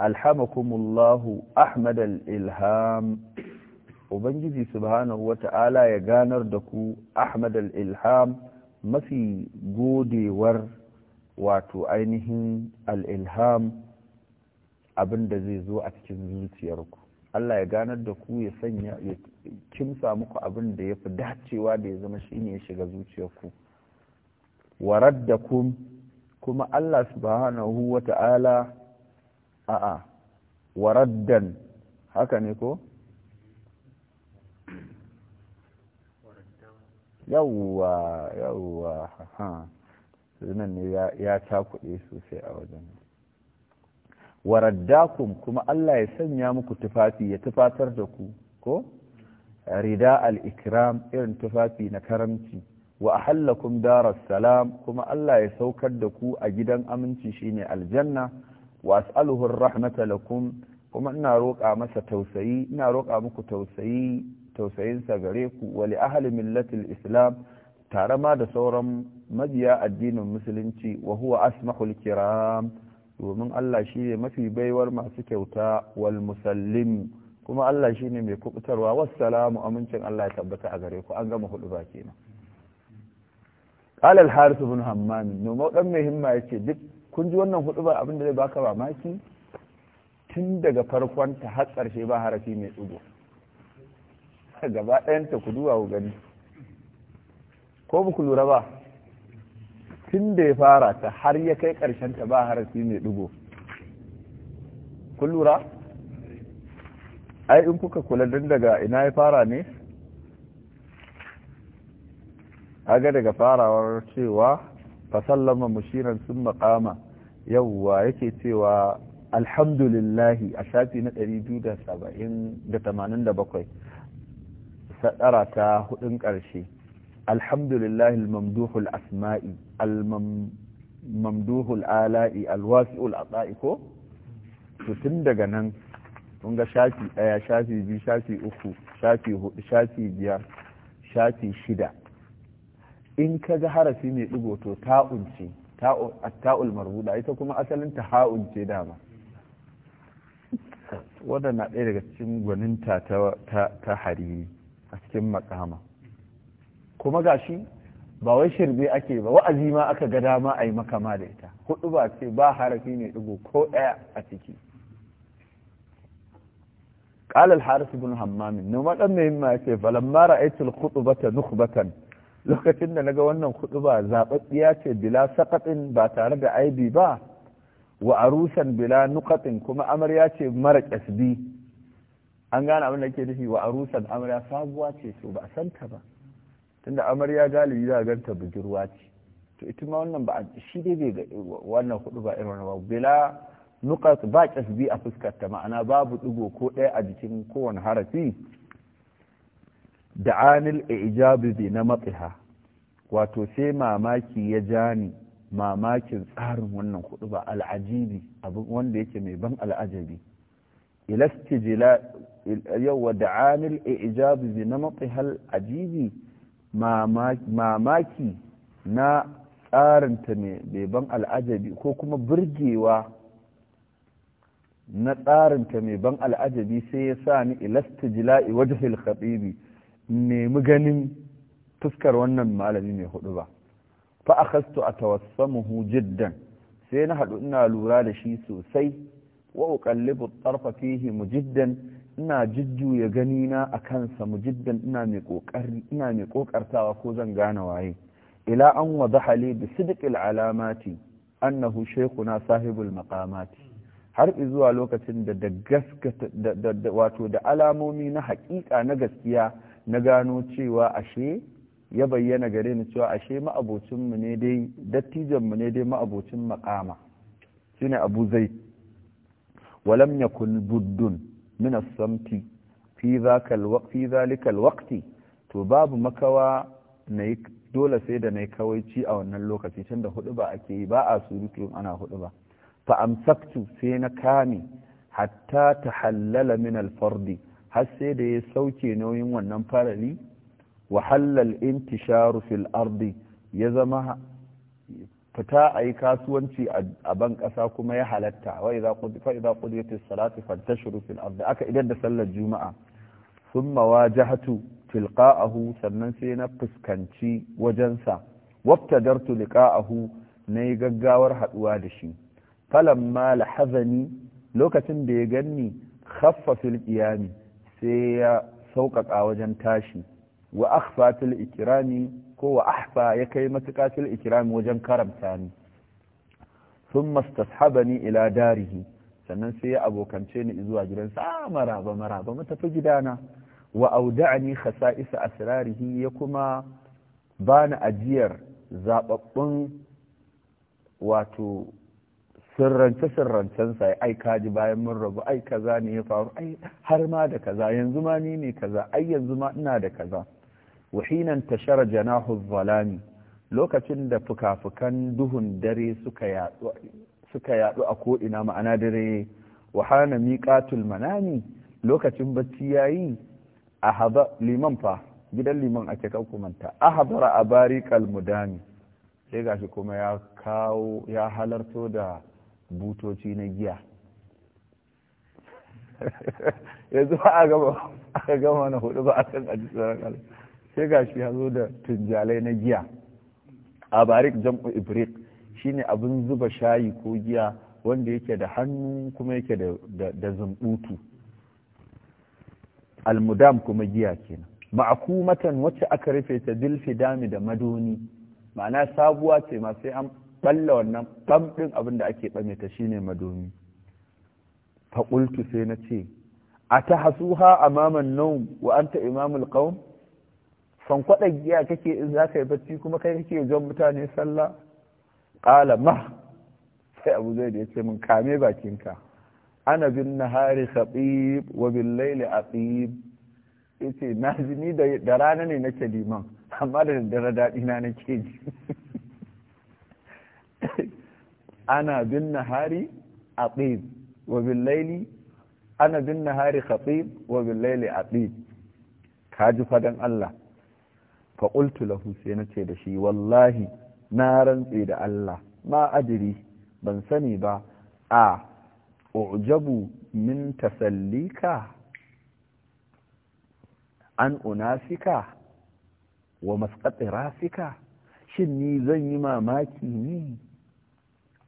ألحمكم الله أحمد الإلهام Ubangiji subhanahu wa ta'ala ya ganar da ku Ahmad al'ilham mafi godewar wato ainihin al'ilham abin da zai zo a cikin zuciyarku. Allah ya ganar da ku ya sanya ya kimsa muku abin da ya fi dacewa da ya zama shi ne ya shiga zuciyarku. wa raddakum kuma Allah subhanahu wa ta'ala a'a wa raddan haka ne ko yawwa yawwa ha sunan ne ya cakuɗe sosai a wajen waraddakum kuma Allah ya sanya muku tufafi ya tufatar da ku ko rida al-ikram irin tufafi na karamci wa ahallakum daras salam kuma Allah ya saukar da ku a gidan aminci shine aljanna wa as'aluhu rahmata lakum kuma ina roƙa masa tausayi ina roƙa muku tausayi tausayin sa gare ku wa li ahli millatil islam tare ma da sauran majiya addinin musulunci wa huwa asmahul kiram domin Allah shine mafi baiwar masu kyauta wal musallim kuma Allah shine mai kubutarwa wassalamu amincin Allah ya tabbata a gare ku an gama hudu ba kenan qala al-harith bin hammam noma dan mai himma yace duk kun ji wannan hudu ba abin da zai baka maki tun daga farkon ta har karshe ba harafi mai dugo <laughs> gaba ɗayan ta ku duwa ku gani ko ba ku lura ba tun da ya fara ta har ya kai ƙarshen ta ba harafi mai dugo kun lura ai in kuka kula din daga ina ya fara ne kaga daga farawar cewa fa sallama mushiran sun maƙama yawwa yake cewa alhamdulillahi a shafi na 277 sadara ta hudun ƙarshe alhamdulillahi almamduhul asma'i almamduhul ala'i alwasi'ul ata'i ko tun daga nan kun ga shafi ɗaya shafi biyu shafi uku shafi hudu shafi biyar shafi shida in ka ga harafi mai ɗigo to ta'un ce ta'ul marbuda ita kuma asalin ta ha'un ce dama wadda na ɗaya daga cikin gwanin ta hariri a cikin makama kuma ga shi ba wai shirbe ake ba wa'azi ma aka ga dama a yi makama da ita hudu ba ce ba harafi mai ɗigo ko ɗaya a ciki قال الحارث بن همام نوما دم ما يتي فلما رأيت الخطبة نخبة lokacin da naga wannan kudu ba zaɓaɓɓiya ce bila saƙaɗin ba tare da aibi ba wa arushan bila nukatin kuma amarya ce mara ƙasbi an gane abin da ke nufi wa arusan amarya sabuwa ce to ba a santa ba tunda amarya galibi za a ganta budurwa ce to ita ma wannan ba shi dai bai ga wannan kudu ba irin ba bila nukat ba ƙasbi a fuskarta ma'ana babu ɗigo ko ɗaya a jikin kowane harafi da anil ijabi bi na matsiha wato sai mamaki ya ja ni mamakin tsarin wannan kudu ba al'ajibi abin wanda yake mai ban al'ajabi jila yau da anil ijabi bi na matsihal al'ajibi mamaki na tsarinta mai ban al'ajabi ko kuma burgewa na tsarinta mai ban al'ajabi sai ya sa ni jila'i wajen khatibi nemi ganin fuskar wannan malami mai hudu ba fa akhastu atawassamuhu jiddan sai na haɗu ina lura da shi sosai wa uqallibu at-tarfa fihi mujiddan ina jujjuya gani na akan sa mujiddan ina mai kokari ina mai kokartawa ko zan gane waye ila an wadaha li bi sidqil alamati annahu shaykhuna sahibul maqamati har zuwa lokacin da da gaskata wato da alamomi na haƙiƙa na gaskiya na gano cewa ashe ya bayyana gare ni cewa ashe ma'abocinmu ne dai dattijanmu ne dai ma'abocin makama shine abu zai walam yakun buddun min as-samti fi zaka fi zalika waqti to babu makawa na dole sai da na kawaici a wannan lokaci tun da hudu ba ake yi ba a surutu ana hudu ba fa amsaktu sai na kame hatta tahallala hallala min alfardi har sai da ya sauke nauyin wannan farari. wa halal intisharu fil ardi ya zama fita a yi kasuwanci a ban ƙasa kuma ya halatta wa idza qudiyat as-salatu fantashiru fil ardi aka idan da sallar juma'a thumma wajahatu tilqa'ahu sannan sai na fuskanci wajensa waftadartu liqa'ahu nayi gaggawar haduwa da shi falamma lahazani lokacin da ya ganni khaffa fil qiyami sai ya sauƙaƙa wajen tashi wa akhfa fil ikrami ko wa ahfa ya kai matuƙa ikirami wajen karanta ni thumma mastashabani ila darihi sannan sai ya abokance ni zuwa gidansa a ah, maraba maraba mu tafi gidana wa auda'ani khasa'isa asrarihi ya kuma bani ajiyar zababbun wato sirrance sirrancen sa ai ji bayan mun rabu ai kaza ne ya faru ai har ma da kaza yanzu ma ni ne kaza ai yanzu ma ina da kaza wahinan tashar tashara janahu lokacin da fukafukan duhun dare suka yatsu suka yadu a ko'ina ma'ana dare wa hana manani lokacin bacci yayi a liman fa gidan liman ake manta a haɗara a kalmudani sai gashi kuma ya kawo ya halarto da butoci na giya <laughs> yanzu ba a gama aka gama na hudu ba akan aji tsoron Allah sai gashi shi hazo da tunjalai na giya a barik jam'u ibrik shine abin zuba shayi ko giya wanda yake da hannu kuma yake da zumbutu almudam kuma giya kenan ma'akumatan wacce aka rufe ta dami da madoni ma'ana sabuwa ce ma sai balla wannan ɓam ɗin abin da ake ɓame ta ne madomi faƙultu sai na ce a ta hasuha a maman naum wa an ta imamul ƙaun fankwaɗa giya kake in za ka yi bacci kuma kai kake zon mutane sallah ƙala ma sai abu zai da ya ce min kame bakinka ana bin hari khatib wa bin laili atib ce na ji ni da rana ne nake liman amma da daddare daɗi na nake ji <laughs> <laughs> ana bin nahari aqib wa bil laili ana bin nahari khatib wa bil laili aqib kaji fadan Allah fa qultu lahu sai nace da shi wallahi na rantse da Allah ma adiri ban sani ba a ujabu min tasallika an unasika wa masqati rasika shin ni zan yi mamaki ni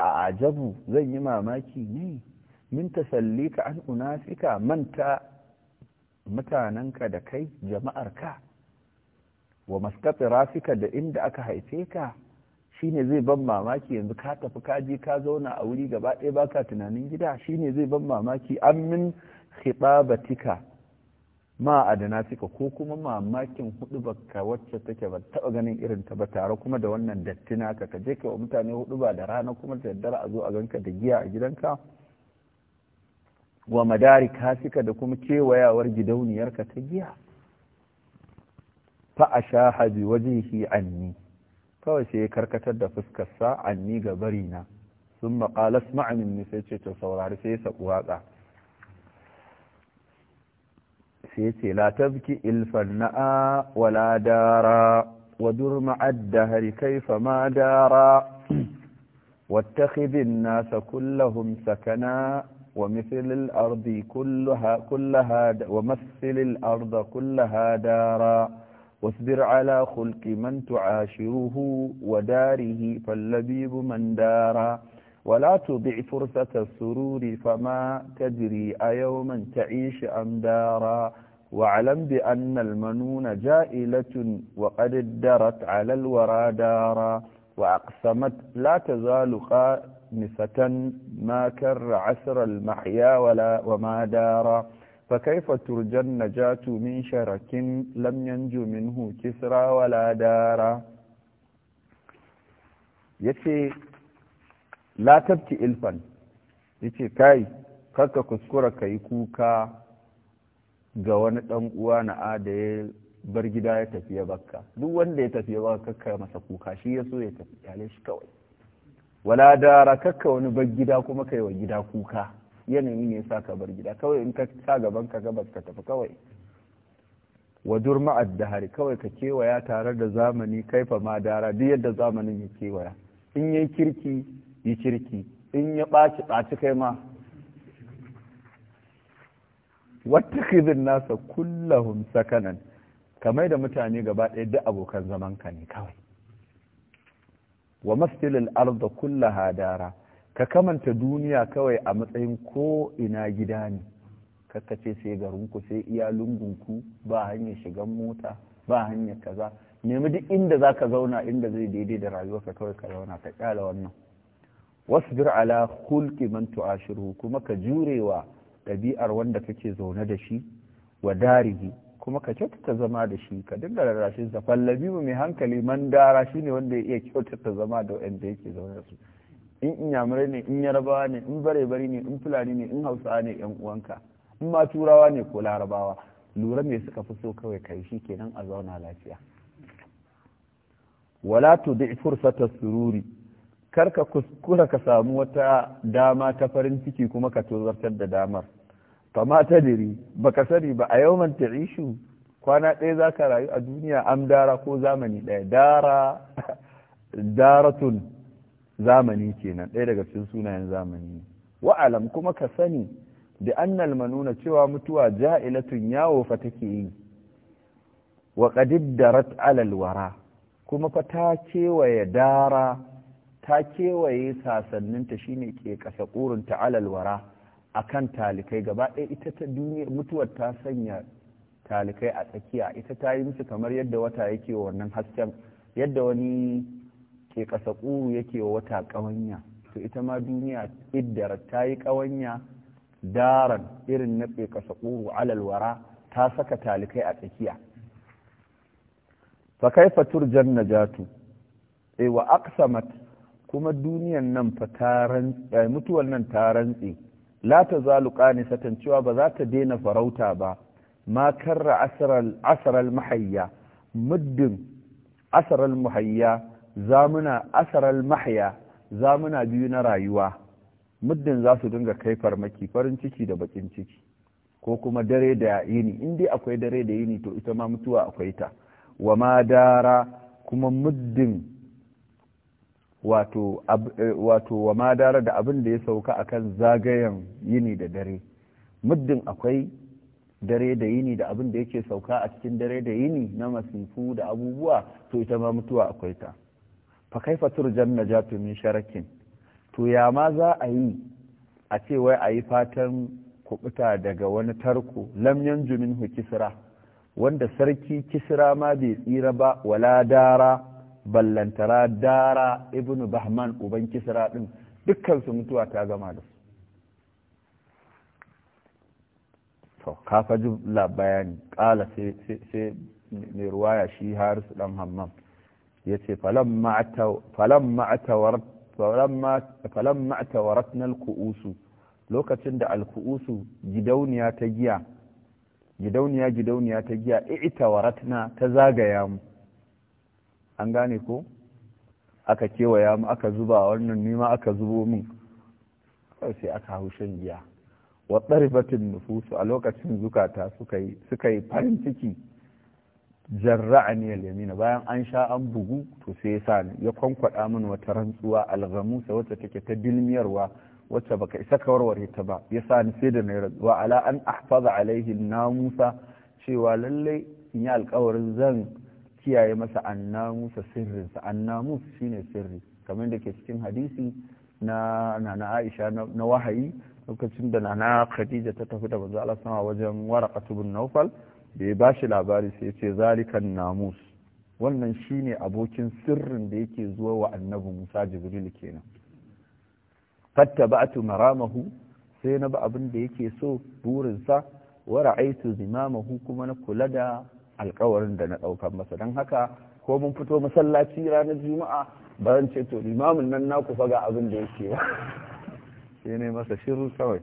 a ajabu zan yi mamaki ne min tasallika an unafika manta mutanenka da kai jama'arka wa maskata rafika da inda aka haife ka shine zai ban mamaki yanzu ka tafi kaji ka zauna a wuri gaba ɗaya baka tunanin gida shine zai ban mamaki an min khitabatika ma a adana suka ko kuma mamakin hudu baka wacce take ba taɓa ganin irin ta ba tare kuma da wannan datti naka ka je wa mutane hudu ba da rana kuma da daddare a zo a ganka da giya a gidanka wa madari kasika da kuma kewayawar gidauniyarka ta giya fa ashaha bi wajhihi anni kawai sai karkatar da fuskarsa anni ga barina sun maƙalas ma'amin ne sai ce to saurari sai ya waƙa sai لا تبكي إلف ilfanna'a ولا دارا ودر مع الدهر كيف ما دارا واتخذ الناس كلهم سكنا ومثل الأرض كلها, كلها ومثل الأرض كلها دارا واصبر على خلق من تعاشره وداره فاللبيب من دارا ولا تضع فرصة السرور فما تدري أيوما تعيش أم دارا واعلم بأن المنون جائلة وقد ادرت على الورى دارا وأقسمت لا تزال خانسة ما كر عسر المحيا ولا وما دارا فكيف ترجى النجاة من شرك لم ينج منه كسرى ولا دارا يتي la tabki ilfan yace kai karka kuskura kai kuka ga wani dan uwa na da ya bar gida ya tafi ya bakka duk wanda ya tafi ya bakka kakka masa kuka shi ya so ya tafi yale shi kawai wala dara kakka wani bar gida kuma kai wa gida kuka Yanayin ne sa ka bar gida kawai in ka sa gaban ka gabas ka tafi kawai wadur ma'ad dahari kawai ka kewaya tare da zamani kaifa ma dara duk yadda zamanin ya kewaya in yayi kirki yi kirki in ya ɓaci ɓaci kai ma wata kizin nasa kullahun sakanan kamar da mutane gaba ɗaya duk abokan zaman ka ne kawai wa masjidil arda kulla hadara ka kamanta duniya kawai a matsayin ko ina gida ne kakkace sai garinku sai iya lungunku ba hanyar shigan mota ba hanyar kaza nemi duk inda za ka zauna inda zai daidai da rayuwarka kawai ka zauna ka kyala wannan wasbir ala hulki man tu'ashiru kuma ka jurewa ɗabi'ar wanda kake zaune da shi wa darihi kuma ka kyautata zama da shi ka dinga rarrashin sa fallabi mai hankali man dara shine wanda ya iya kyautata zama da wanda yake zaune da su in inyamurai ne in yarbawa ne in bare bari ne in fulani ne in hausa ne yan uwanka in ma turawa ne ko larabawa lura me suka fi so kawai kai shi kenan a zauna lafiya wala tudi fursata sururi karka kuskura ka samu wata dama ta farin ciki kuma ka tozartar da damar ma ta diri baka sani ba a yau ta ishu. kwana ɗaya za ka rayu a duniya am dara ko zamani ɗaya dara daratun zamani kenan ɗaya daga cikin sunayen zamani wa'alam kuma ka sani da annal manuna cewa mutuwa ja'ilatun yawo fa take yi wa qadiddarat alal wara kuma fa ta kewaye dara ta kewaye sasanninta shine ke kasa ƙurin ta'alal wara akan talikai gaba ɗaya ita ta duniya mutuwar ta sanya talikai a tsakiya ita ta yi musu kamar yadda wata yake wa wannan hasken yadda wani ke kasa ƙuru yake wa wata ƙawanya to ita ma duniya iddar ta yi ƙawanya daran irin na ke kasa ƙuru alal ta saka talikai a tsakiya fa kai fatur najatu eh wa aqsamat kuma duniyan nan eh, mutuwar nan ta rantse la ta zalu satan cewa ba za ta daina farauta ba ma karra asaral mahayya muddin asarar muhayya zamuna asarar mahaya zamuna biyu na rayuwa muddin za su dinga kai farmaki farin ciki da bakin ciki ko kuma dare da yini in dai akwai dare da yini to ita ma mutuwa akwai ta wa ma dara kuma muddin Eh, wato wa madara da abin da ya sauka akan zagayen yini da dare muddin akwai dare da yini da abin da yake sauka a cikin dare da yini na masifu da abubuwa to ita ma mutuwa akwai ta fa kaifa turjan najatu min sharakin to ya ma za a yi a ce wai a yi fatan kubuta daga wani tarko lam yanju minhu kisra wanda sarki kisra ma bai tsira ba wala dara ballantara dara ibnu bahman uban kisra din dukkansu mutuwa ta gama da su to kafa ji bayani kala sai mai ruwaya shi su dan hammam ya ce falamma ta waratna alku'usu lokacin da alku'usu gidauniya ta giya gidauniya gidauniya ta giya ita waratna ta zagaya mu an gane ko aka kewaya mu aka zuba a wannan nima aka zubo min kawai sai aka hau shan giya wa ɗaribatin nufusu a lokacin zukata suka yi farin ciki jarra'a ne yamina bayan an sha an bugu to sai ya sa ya kwankwada min wata rantsuwa alghamusa wacce take ta bilmiyarwa wacce baka isa ka warware ta ba ya sa ni sai da na rantsuwa ala an ahfaza alaihi musa cewa lallai in yi alkawarin zan kiyaye masa annamusa sirrinsa annamus shine sirri kamar da ke cikin hadisi na nana Aisha na wahayi lokacin da nana Khadija ta tafi da manzo Allah sama wajen wara bin Nawfal da ya bashi labari sai ce zalikan namus wannan shine abokin sirrin da yake zuwa wa annabi Musa Jibril kenan Fatta ba'atu maramahu sai na ba abin da yake so burinsa wa ra'aytu zimamahu kuma na kula da alkawarin da na ɗaukar masa don haka ko mun fito masallaci ranar juma'a ba zan ce to limamin nan na kufa ga abin da yake ba <laughs> sai ne masa shiru kawai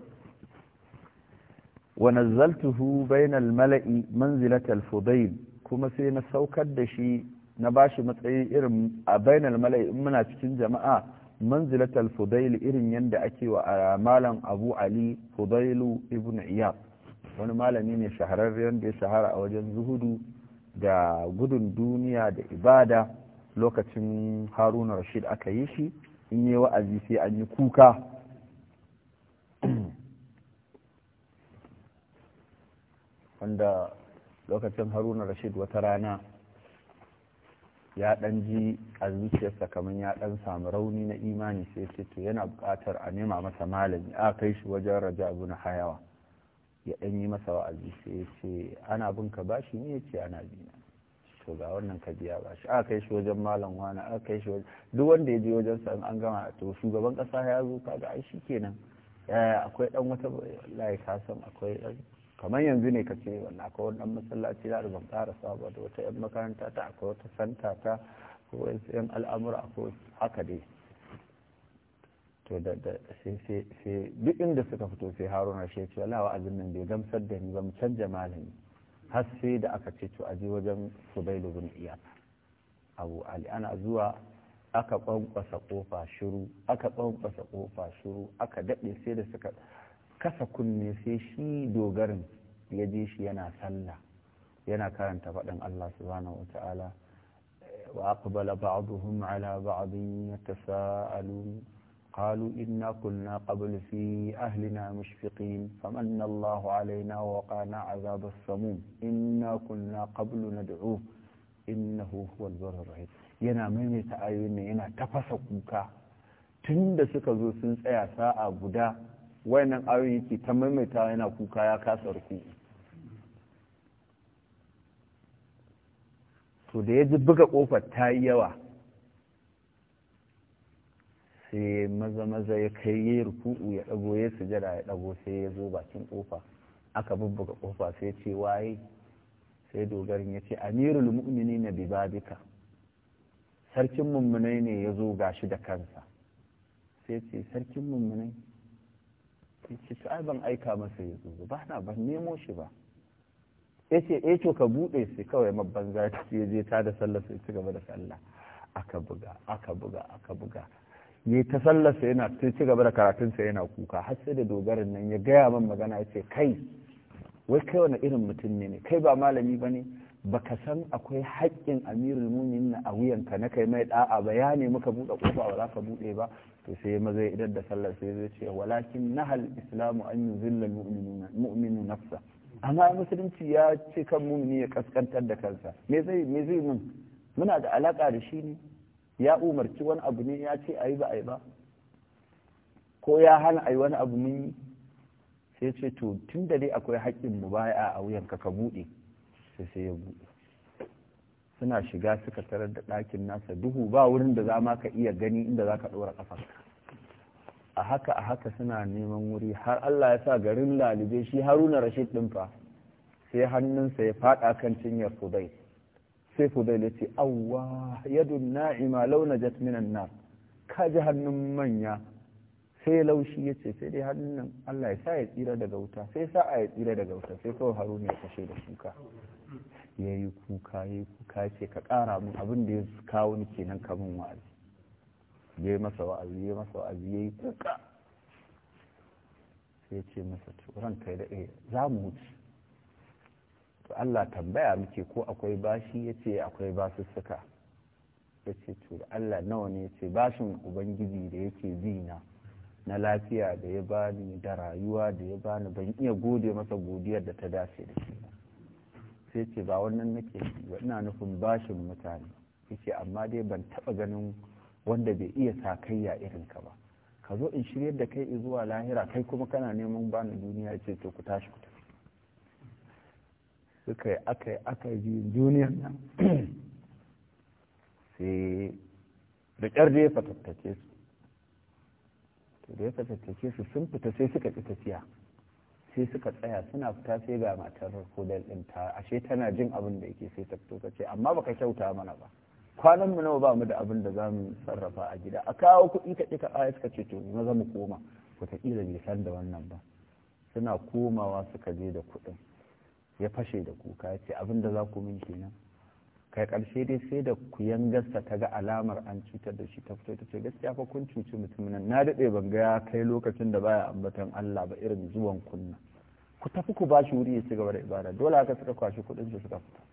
wa nazzaltuhu bainal mala'i manzilatal fudayl kuma sai na saukar da shi na bashi matsayi irin a bainal mala'i in muna cikin jama'a manzilatal fudayl irin yanda ake wa malam abu ali fudaylu ibn iyad wani malami ne shahararren da ya shahara a wajen zuhudu da gudun duniya da ibada lokacin haruna rashid aka yi shi in yi wa'azi sai an yi kuka <clears throat> wanda lokacin haruna rashid wata rana ya ɗan ji a zuciyarsa kamar ya ɗan samu rauni na imani sai ce to yana bukatar a nema masa malami a kai shi wajen raja abu na hayawa ya ɗan yi masa wa'azi sai ya ce ana bin ka bashi ne ya ce ana bina to ga wannan ka biya bashi aka kai shi wajen malam wani aka kai shi wajen duk wanda ya je wajen sa an gama to shugaban kasa ya zo kaga ai shi kenan akwai dan wata layi ka san akwai kamar yanzu ne ka ce wannan akwai wani masallaci da ban ƙara saba da wata yan makaranta ta akwai wata santa ta ko yan al'amura akwai haka dai to da sai duk inda suka fito sai haruna shi ce wala azin nan bai gamsar da ni ba mu canja malami har sai da aka ce to aje wajen subailu bin iyad abu ali ana zuwa aka kwankwasa kofa shiru aka kwankwasa kofa shiru aka daɗe sai da suka kasa kunne sai shi dogarin ya je shi yana sallah yana karanta faɗin Allah subhanahu wataala wa aqbala ba'dhum ala ba'dhin yatasaalun قالوا إنا كنا قبل في أهلنا مشفقين فمن الله علينا وقانا عذاب السموم إنا كنا قبل ندعوه إنه هو البر الرحيم yana maimaita ayoyin nan yana tafasa kuka tun da suka zo sun tsaya sa'a guda wayannan ayoyi yake ta maimaita yana kuka ya kasa ruku to da ya ji buga ƙofar ta yi yawa sai maza maza ya kai ya ruku'u ya ɗago ya sujada ya ɗago sai ya zo bakin ƙofa aka bubbuga ƙofa sai ce waye sai dogarin ya ce amirul mu'mini na bibabika sarkin mummunai ne ya zo gashi da kansa sai ce sarkin mummunai ya ce ai ban aika masa ya zo ba na ban nemo shi ba ya ce eh to ka buɗe sai kawai mabban za ta <laughs> je ta da sallah sai ci gaba da sallah aka buga aka buga aka buga ya ta sallarsa yana sai ci gaba da karatunsa yana kuka har sai da dogarin nan ya gaya min magana ya ce kai wai kai wani irin mutum ne ne kai ba malami ba ne baka san akwai haƙƙin amirul mumin na a wuyanka na kai mai da'a ba ya nemi muka buɗe ƙofa ba za ka buɗe ba to sai ya maza idan da sallar sai zai ce walakin nahal islamu an yuzilla mu'minu nafsa amma musulunci ya ce kan mumini ya kaskantar da kansa me zai me zai mun muna da alaka da shi ne ya umarci wani abu ne ya ce ayi ba ayi ba ko ya hana ayi wani abu mun sai ce to tun da dai akwai haƙƙin mu baya a wuyanka ka buɗe sai sai ya buɗe suna shiga suka tarar da ɗakin nasa duhu ba wurin da za ma ka iya gani inda za ka ɗora ƙafa a haka a haka suna neman wuri har Allah ya sa garin lalibe shi haruna rashid ɗin fa sai hannunsa ya faɗa kan cinyar kudai sai fudail ya ce awwa yadun na'ima launa jatminan na ka ji hannun manya sai laushi ya ce sai dai hannun allah ya sa ya tsira daga wuta sai sa a ya tsira daga wuta sai kawai haruna ya kashe da shuka ya yi kuka ya kuka ce ka kara mun abin da ya kawo ni kenan kamun wa'azi ya yi masa wa'azi ya yi masa wa'azi ya kuka sai ya ce masa to ranka da eh za mu wuce to Allah tambaya muke ko akwai bashi ya ce akwai basussuka ya ce to Allah nawa ne ya ce bashin ubangiji da yake zina na lafiya da ya bani da rayuwa da ya bani ban iya gode masa godiyar da ta dace da shi sai ce ba wannan nake ba ina nufin bashin mutane yace amma dai ban taba ganin wanda bai iya sakayya irin ka ba ka zo in shiryar da kai zuwa lahira kai kuma kana neman bani duniya ce to ku tashi ku tafi suka yi aka yi aka yi duniyar nan <clears throat> sai da ƙyar da ya fatattace su to da ya fatattace su sun fita sai suka ƙi tafiya sai suka tsaya suna fita sai ga matar kodal ɗin ta ashe tana jin abin da yake sai ta fito ta ce amma baka kyauta mana ba kwanan mu nawa ba mu da abin da zamu sarrafa a gida a kawo kuɗi ka ƙi ka aya suka ce to maza mu koma wataƙila bai san da wannan ba suna komawa suka je da kuɗin ya fashe da kuka ya ce abin da za ku min kenan kai ƙarshe dai sai da ku yangasta ta ga alamar an cutar da shi ta fito ta ce gaskiya fa kun cuci mutumin nan na daɗe ban ga ya kai lokacin da baya ambatan Allah ba irin zuwan kunna ku tafi ku ba wuri ya ci gaba da ibada dole haka suka kwashi kuɗin su suka fita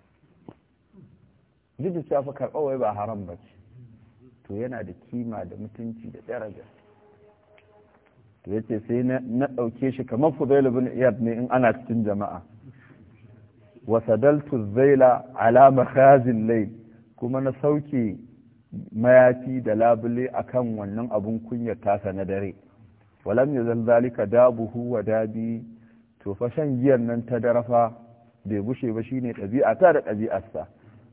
duk da fa karɓa wai ba haram ba ce to yana da kima da mutunci da daraja to yace sai na ɗauke shi kamar fudailu bin Iyad ne in ana cikin jama'a wa zaila ala makhazin lai kuma na sauke mayafi da labule akan wannan abun kunyar tasa na dare walam yazal zalika dabuhu wa dabi to fa shan giyar nan ta darafa bai gushe ba shine ɗabi'a ta da ɗabi'arsa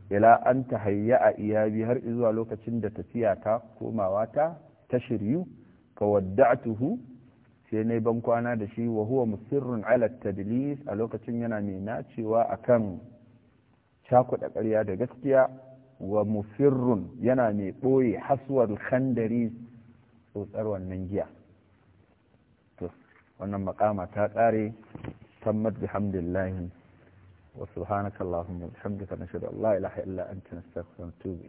ila an ta hayya a iyabi har zuwa lokacin da tafiya ta komawa ta ta shiryu ka wadda'tuhu sai na ban kwana da shi wa huwa musirrun ala tadlis a lokacin yana mai nacewa akan cakuɗa ƙarya da gaskiya wa musirrun yana mai ɓoye haswar khandari tsotsar wannan giya to wannan makama ta ƙare tammat bihamdillahi wa subhanakallahumma wa bihamdika nashhadu an la ilaha illa anta nastaghfiruka wa